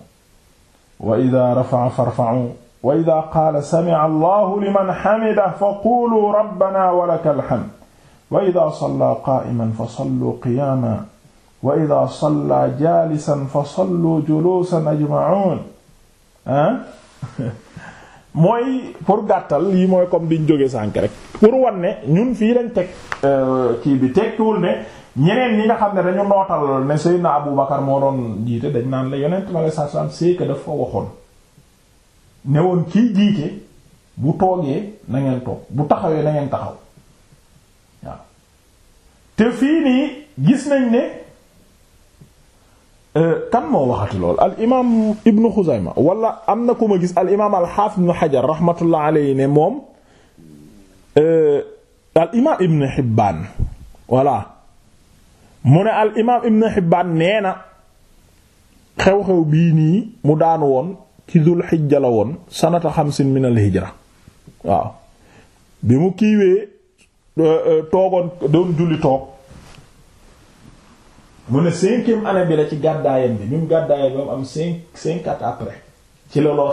wa-idhaa rafa'a farfa'uu wa-idhaa qaala sami'a Allaahu liman hamidahu faquuluu rabbanaa walakal hamd wa-idhaa sallaa qaa'iman fasalluu qiyaaman wa-idhaa sallaa jaalisan fasalluu juluusan ajma'iin mooy pour gàttal yi mooy comme diñ jóge sànk rek pour wan ne ñun fii lañ teg euh, kii bi teg tegtuwul ne ñeneen ñi nga xam ne dañu nootal ne Seydina Abu Bakar moo doon jiite dañ naan la yonent ma la sarsam c'est que dafa waxoon ne woon kiy jiite bu toogee na ngeen toog bu taxawee na ngeen taxaw waaw te fii nii gis nañ ne Euh, kan moo waxati lool al imaam Ibn Xuzayma am na ku ma gis al imaam al Xajar rahmatullah aleyhi ne moom euh, al imaam Ibn Xibbaan voilà mu ne al imaam Ibn Xibbaan nee xew-xew bii nii mu daanu woon ci dul xijja la woon sanata xamsin min al waaw bi mu kiiwee euh, toogoon doon julli toog. mu ne cinquième année bi la ci gàddaayam bi ñu gàddaayam bi am cinq cinq après ci la loo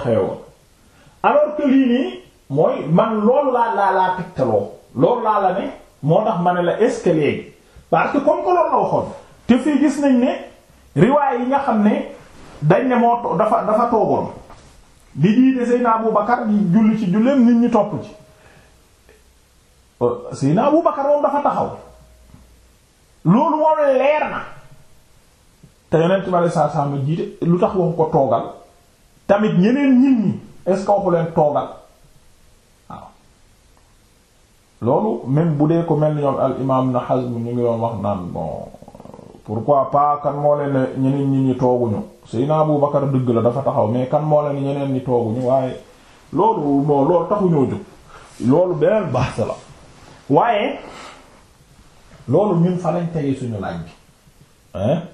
loolu laa laa laa tegtaloo loolu laa la ne moo tax ma ne la est-ce parce comme que loolu waxoon te fii gis nañ ne riwaay yi nga xam ne dañ ne moo dafa dafa toogoon di jiite Seydina Abu Bakar di julli ci julleem nit ñi topp ci euh, Seydina Abu Bakar moom dafa taxaw loolu moom leer na. te yonent bi aleyhi salaatu salaam jiite lu tax waxu ko toogal tamit ñeneen ñin ñi est-ce que waxu toogal waaw loolu même bu dee ko mel ni ñoom al imaam na Hazm ñu ngi doon wax naan bon pourquoi pas kan moo leen ne ñeneen ñi ñi tooguñu Seydina Abu Bakar dëgg la dafa taxaw mais kan moo leen ñeneen ñi tooguñu waaye loolu non loolu taxuñoo jóg loolu beneen baax la waaye loolu ñun fa lañ tege suñu laaj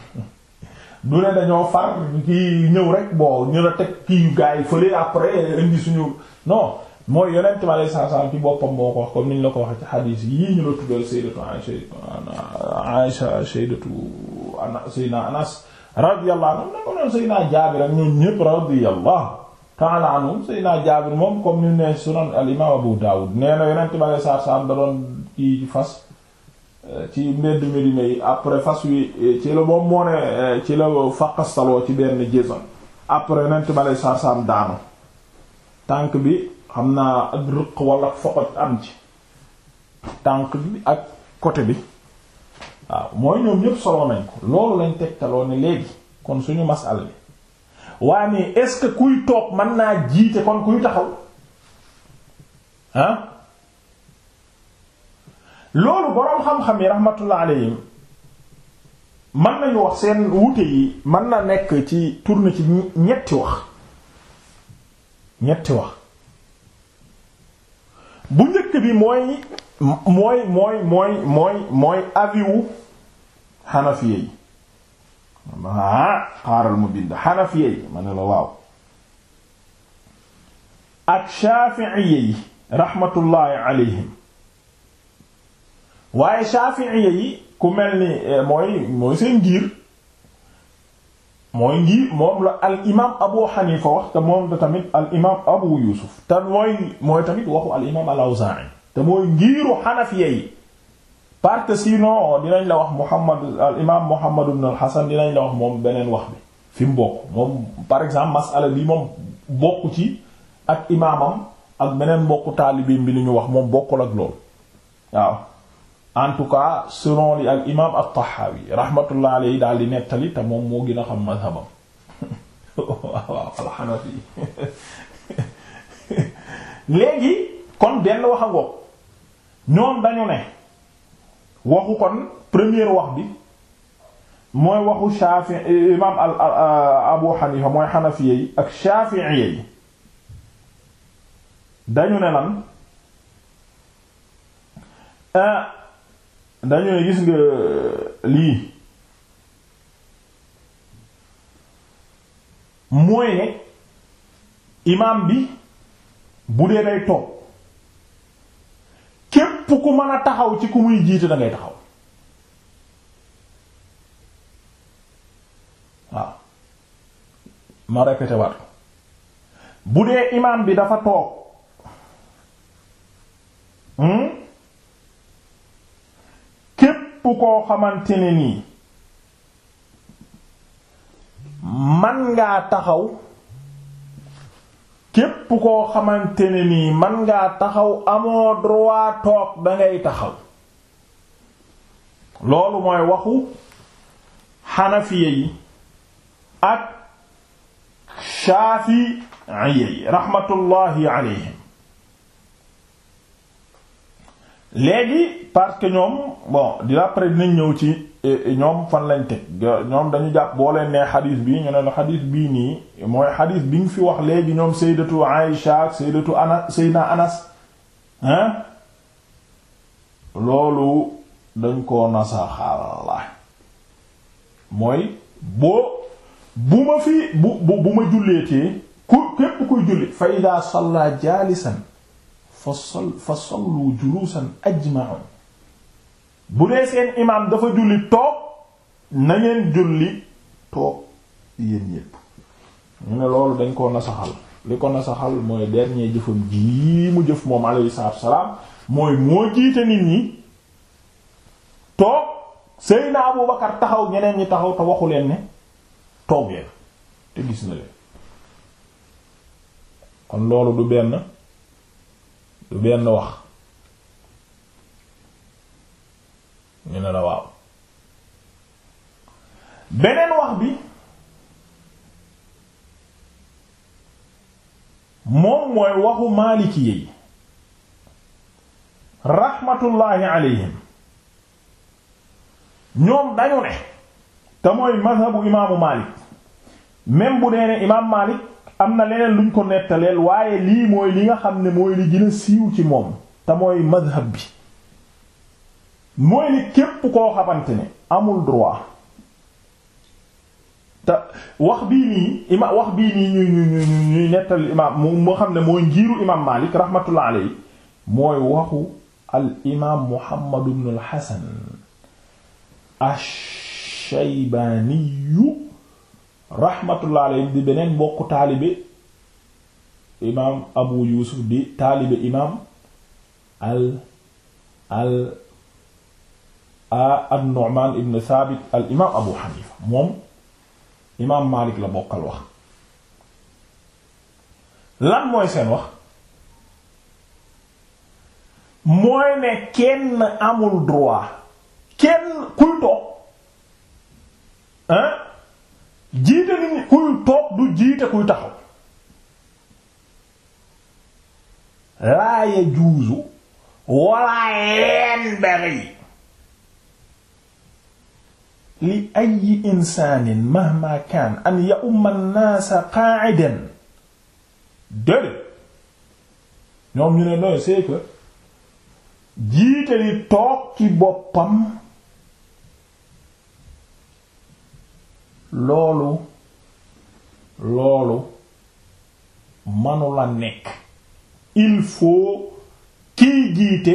du ne dañoo far kii ñëw rek bon ñu la teg kii yu gars yi fële après indi suñu non mooy yonent ma lay sànni ci moom comme ni ne sunan al imaam Abu Dawud nee na yonent ma lay sànni da doon kii fas. ci mbedd Medina yi après fas wi eh, ci la moom moo ne eh, ci la faqastaloo ci benn jéson après nent ma lay daanu tànk bi xam naa ak rëq walla foqot am ci tànk bi ak côté bi waaw mooy ñoom ñépp solo nañ ko loolu lañ tegtaloo ne léegi kon suñu masal bi waa nii est kuy toog mën naa jiite kon kuy taxaw loolu boroom xam-xam yi rahmatullah alayhim mën nañu wax seen wuute yi mën na nekk ci tourne ci ñetti wax ñetti wax bu njëkk bi mooy mooy mooy mooy mooy mooy aviwu xanafiye ah, xaaral mu bind xanafiye yi ma ne la waaw ak shaafiiye yi rahmatullahi alayhim waaye Shafi'iyya yi ku mel ni eh, mooy mooy seen ngir mooy ngir moom la al Abu Hanifa wax te moom la tamit al Abu Yusuf te mooy mooy tamit waxu al al-Awzaa'i te mooy ngiru Hanafiyya yi parce que dinañ la wax Muhammad al imaam Muhammad ibn dinañ la wax moom beneen wax bi fi bokk moom par exemple masala bi moom bokk ci ak imaamam ak beneen mbokku taalibeem bi li ñu wax moom bokkul ak loolu waaw. en tout cas selon li al imaam at-Tahawi rahmatullah alayhi daal di nettali te moom moo gën xam mazhabam al-Hanafi léegi kon benn wax a ñoom dañu ne waxu kon première wax bi mooy waxu Shafi imaam Abu Hanifa mooy Hanafiya yi ak Shafi'iyya yi dañu ne lan. Euh, dañuy gis nga euh, lii mooy ne imaam bi bu dee day toog képp ku mën a taxaw ci ku muy jiite da ngay taxaw waaw ma répété waat bu dee imaam bi dafa toog hmm? képp koo xamante man ngaa taxaw képp koo xamante ne nii man ngaa taxaw amoo droit toog dangay taxaw loolu mooy waxu xanafiye yi ak shaafiiye yi raxmatullaahi alayhim léegi parce que ñoom bon di après dinañ ñëw ci eh, ñoom fan lañ teg ñoom dañu jàpp boo leen nee xadis bi ñu ne la xadis bii nii mooy xadis bi nga fi wax léegi ñoom sayyidatu Aïsha ak sayyidatu Anas sayyidina Anas hein loolu dañ ko nasaxal la mooy boo bu ma fi bu bu ma julleetee ku képp kuy julli fa ida jaalisan fa sol fa sollu juluusan ajma'un bu dee seen imaam dafa julli toog na ngeen julli toog yéen ñépp ñu ne loolu dañ ko nasaxal li ko nasaxal mooy dernier jëfam ji mu jëf moom alayhi salaatu mooy moo jiite nit ñi toog Seydina Abu Bakar taxaw ñeneen ñi taxaw te waxu leen ne toog leen te gis na leen kon loolu du benn su benn wax ñu ne la waaw beneen wax bi moom mooy waxu maaliki yi raxmatullaahi alayhim ñoom dañu ne te mooy mazhabu imaamu Maalik même bu dee ne imaam Maalik am na leneen luñ ko nettaleel waaye lii mooy li nga xam ne mooy li gën a siiw ci moom te mooy madhab bi mooy ni képp koo xamante ne amul droit te wax bii nii ima wax bii nii ñuy ñuy ñuy nettal imaam moo xam ne mooy njiiru imaam Maalik rahmatullah alayhi mooy waxu al imaam Muhammad ibn al Hasan ash-Shaybaaniyu rahmatullah alayhi di beneen mbokku taalibe imaam abu yusuf di taalibe imaam al al al imaam Abu Hanifa moom imaam Malik la bokkal wax lan mooy seen wax mooy ne kenn amul droit kenn kuy toog jiite nit ñi kuy toog du jiite kuy taxaw laa yajuuzu wala yanbaghi li ayyi insaanin mahma kaan an ya umma an-naasa qaa'idan déedéet ñoom ñu ne nooy c'est jiite li toog ci boppam loolu loolu manula nekk il faut kiy jiite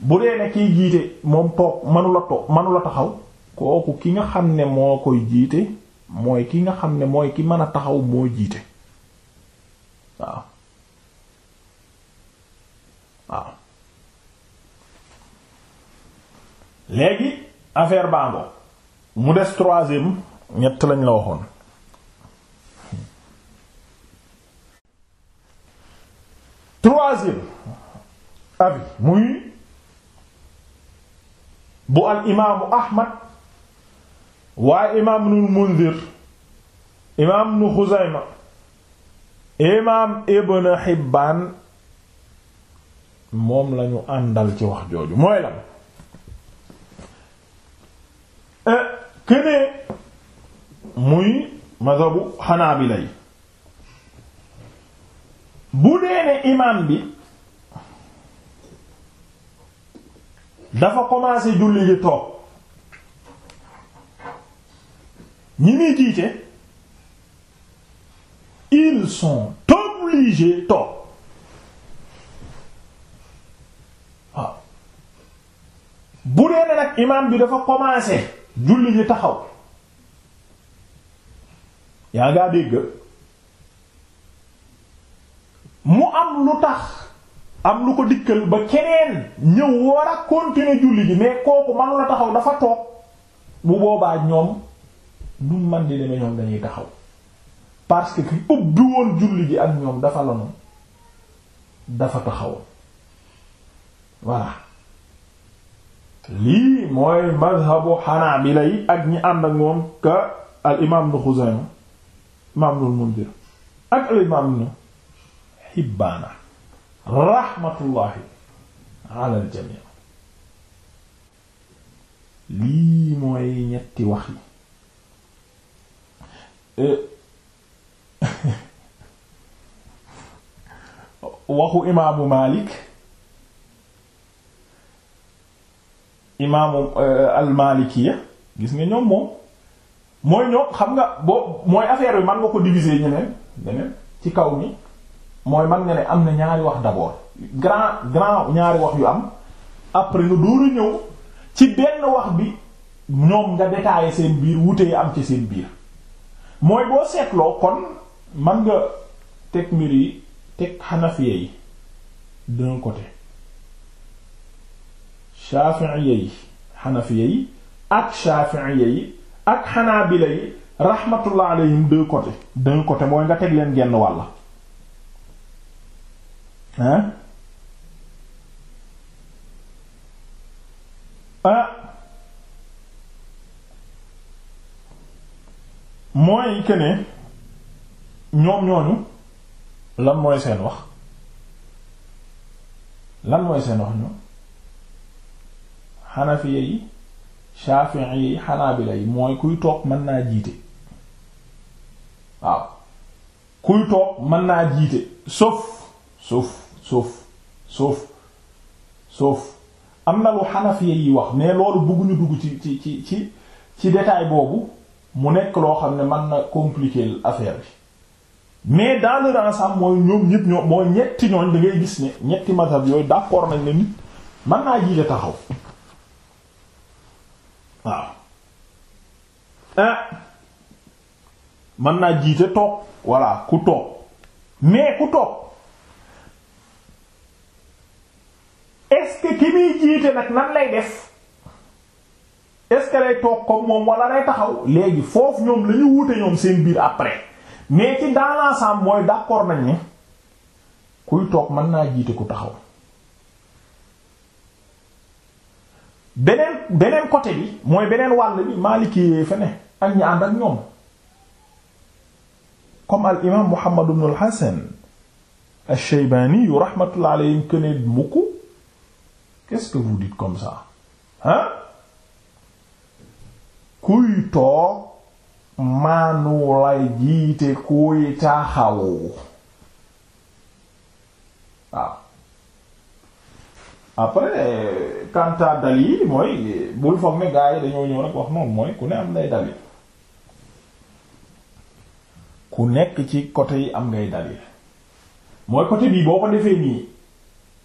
bu dee ne kiy jiite moom toog manula toog manula taxaw kooku ki nga xam ne moo koy jiite mooy ki nga xam ne mooy ki mën a taxaw moo jiite waaw waaw léegi affaire bango mu des troisième ñett lañ la waxoon troisième avis muy bu al imaamu ahmad waaye imaam nul mundir imaam nu xuzayma imaam ibn hibbaan moom lañu àndal ci wax jooju mooy lan eh, kenee muy madhabu xanaabila yi bu dee ne imaam bi dafa commencé julli ji toog ñi muy jiite ils sont obligés toog bu dee ne nag imaam bi dafa commencé julli ji taxaw yaa ngaa dégg mu am lu tax am lu ko dikkal ba keneen ñëw war a continuer julli ji mais kooku man la taxaw dafa toog bu boobaa ñoom du man di ñoom dañuy taxaw parce que ki ubbi woon julli ji ak ñoom dafa lanu dafa taxaw voilà lii mooy mazhabu Hanabila yi ak ñi ànd ak moom ka al imam Ibn Khuzaymah imaam Ibnul Mundir ak al imaam Ibnu Hibbaana raxmatullaahi ala al jamii lii mooy ñetti wax euh, waxu imaamu Maalik imaamu euh, al-Maalikiya gis nga ñoom moom mooy ñoom xam nga boo mooy affaire bi man nga ko diviser ñeneen ñeneen ci kaw mi mooy man nga ne am na ñaari wax d'abord grand grand ñaari wax yu am après nga dóora ñëw ci benn wax bi ñoom nga détailler seen biir wute am ci seen biir mooy boo seetloo kon man nga teg mbir yi teg xanafiye yi d'un côté shafi'iye yi xanafiye yi ak shafi'iye yi ak xanaabila yi rahmatullah alayhim deux côtés d'un côté mooy nga teg leen genn wàlla hein ah mooy que ne ñoom ñooñu lan mooy seen wax lan mooy seen wax ñu xanafiye yi Shafi'i yi bi lay mooy kuy toog mën naa jiite waaw kuy toog mën naa jiite sauf suuf sauf sauf sauf am na lu Hanafiya yi wax mais loolu bëgguñu dugg ci ci ci ci ci détail boobu mu nekk loo xam ne mën na compliquer affaire bi mais dans leur ensemble mooy ñoom ñëpp ñoo mooy ñetti ñooñ da ngay gis ne ñetti mazhab yooyu d'accord nañ ne nit man naa jiite taxaw waaw ah mën naa jiite toog voilà ku toog mais ku toog est-ce que ki muy jiite nag nan lay def est lay toog comme moom walla lay taxaw léegi foofu ñoom la ñu wuute ñoom seen biir après mais ci dans l'ensemble mooy d'accord nañ ne kuy toog mën naa jiite ku taxaw beneen beneen côté bi mooy beneen wàll bi maalikee fa ne ak ñu ànd ak ñoom comme al imaam Muhammad ibn al Hasan ash-Shaybani rahmatullah alayhi kuy toog maanu lay kuy taxaw waaw après kanta dal yi mooy bul foog ne gaa yi dañoo ñëw rek wax noonu mooy ku ne am nay dal ku nekk ci côté yi am ngay dal mooy côté bii boo ko defee nii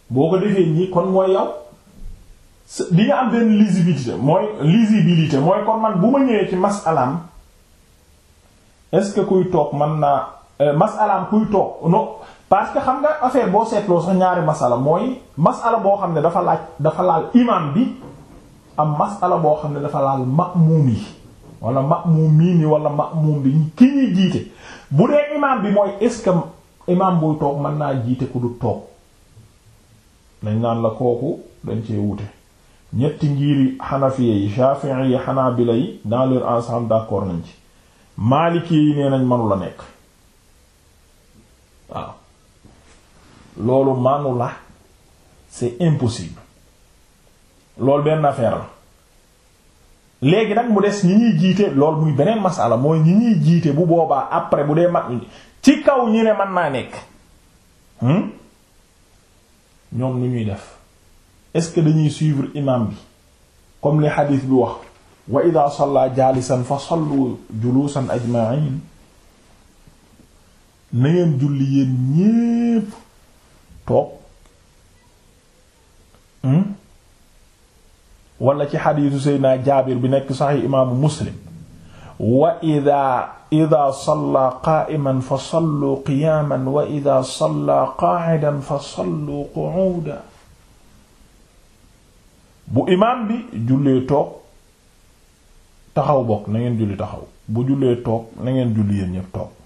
boo ko defee nii kon mooy yow di nga am benn lisibilité mooy lisibilité mooy kon man bu ma ñëwee ci masalaam est-ce que kuy toog man naa euh, masalaam kuy toog no parce que xam nga affaire boo seetloo sax ñaari masala mooy masala boo xam ne dafa laaj dafa laal imam bi am masala boo xam ne dafa laal ma'muum yi wala ma'muum mii ni wala ma'muum bi ki ñuy jiite bu dee imam bi mooy est-ce que buy toog mën naa jiite ku du toog nañ naan la kooku dañ cee wute ñetti ngiri xanafiya yi shafi'i yi xanaa yi dans leur ensemble d'accord nañ ci maliki yi nee nañ mënu nekk waaw loolu manu la c'est impossible loolu benn affaire léegi nag mu des ñi ñuy jiite lool muy beneen masala mooy ñi ñuy jiite bu boobaa après bu dee mat ci kaw ñi ne man naa nekk hmm? ñoom lu ñuy def est-ce que dañuy suivre imam bi comme li xadiis bi wax wa ida salla jaalisan fa sallu julusan ajma'in na julli yéen ñépp toog hmm? wala ci xadiisu seydna jaabir bi nekk saxi imaamu muslim wa ida ida salla qaaiman fa sallu qiyaaman wa ida salla qaacidan fa sallu qu'uudan bu imaam bi jullee toog taxaw bokk na julli taxaw bu jullee toog na ngeen julli yéen ñépp toog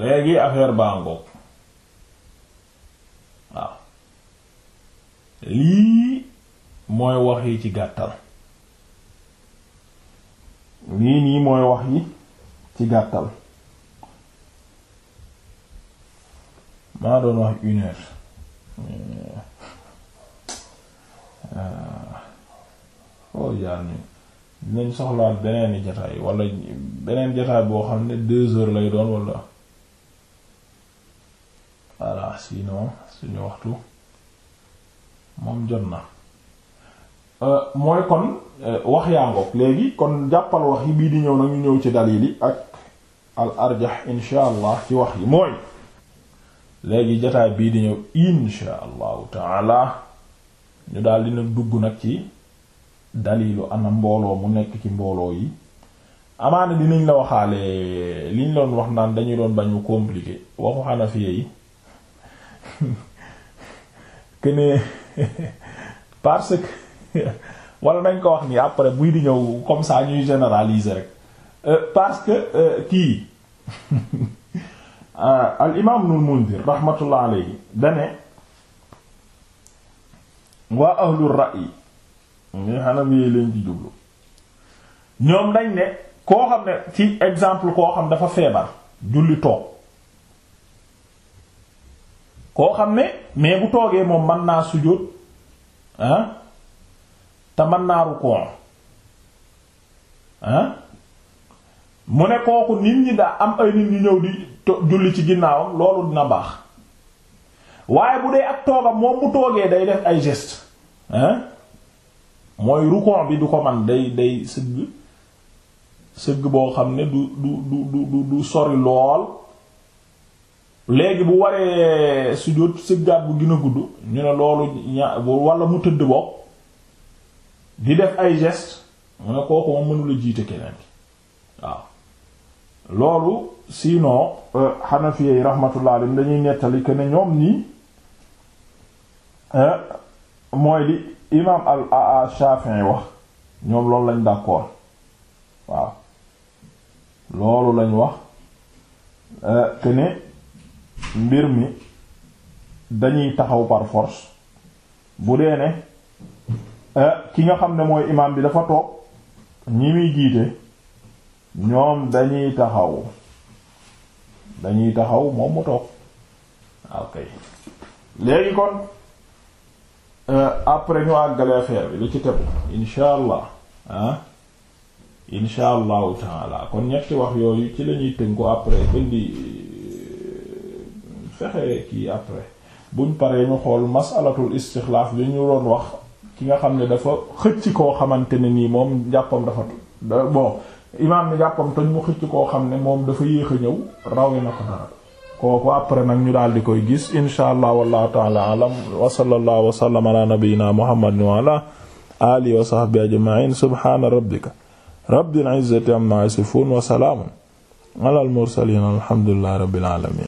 léegi affaire baa ngoog waaw lii mooy wax yi ci gàttal lii nii mooy wax yi ci gàttal maa doon wax une heure euh, oh yaa ni dinañ soxlaat beneen jataay wala beneen jataay boo xam ne deux heures lay doon wala voilà sino suñu waxtu moom jot na euh, mooy kon euh, wax yaa ngoog léegi kon jàppal wax yi bii di ñëw nag ñu ñëw ci dalil yi ak al arjax insha allah ci wax yi mooy léegi jataay bii di ñëw insha allahu taala ñu daal dina dugg nag ci dalilu ana mbooloo mu nekk ci mbooloo yi amaana dinañ la waxaale liñ doon wax naan dañuy doon bañ mu compliqué waxu xanafiye yi que ne parce que wala nañ ko wax nii après buy di ñëw comme ça ñuy généraliser rek euh, parce que euh, kii euh, al imaam Ibnul Mundir rahmatullah alayhi dane waa ahlul ra'yi ñuy xanam yéey leen ci jublu ñoom dañ ne koo xam ne ci exemple koo xam dafa feebar julli toog koo xam ne mais bu toogee moom man naa sujjóot ah te man naa rukoon ah mu ne kooku nit ñi daa am ay nit ñu ñëw di julli ci ginnaawam loolu dina baax waaye bu dee ak toogam moom bu toogee day def ay geste ah mooy rukoon bi du ko man day day sëgg sëgg boo xam ne du du du du du sori lool léegi bu waree sujjóot siggaat bu gën a gudd ñu ne loolu ña wala mu tëdd bopp di def ay geste mu ne kooku moom mënula jiite keneen waaw loolu sinon xanafiyey euh, rahmatullah alayhim dañuy nettali que ne ñoom nii euh, mooy li imam al Shafi'i wax ñoom loolu lañ d'accord waaw loolu lañ wax euh, que ne mbir mi dañuy taxaw par force bu dee ne euh, ki nga xam ne mooy imaam bi dafa toog ñi muy jiite ñoom dañuy taxaw dañuy taxaw moom mu toog ok léegi kon euh, après ñu àggale affaire bi lu ci tegu insha allah ah insha allahu taala kon ñetti wax yooyu ci lañuy tënku après indi fexe kii après buñ paree ñu xool masalatul istixlaaf bi doon wax ki nga xam ne dafa xëcc koo xamante ne nii moom jàppam dafa da bon imaam ni jàppam toñ mu xëcc koo xam ne moom dafa yéex a ñëw rawe na ko dara kooku après nag ñu daal di koy gis insha allah wallahu taala alam wa sallallahu wa sallam ala nabiyyina muhammadin wa ala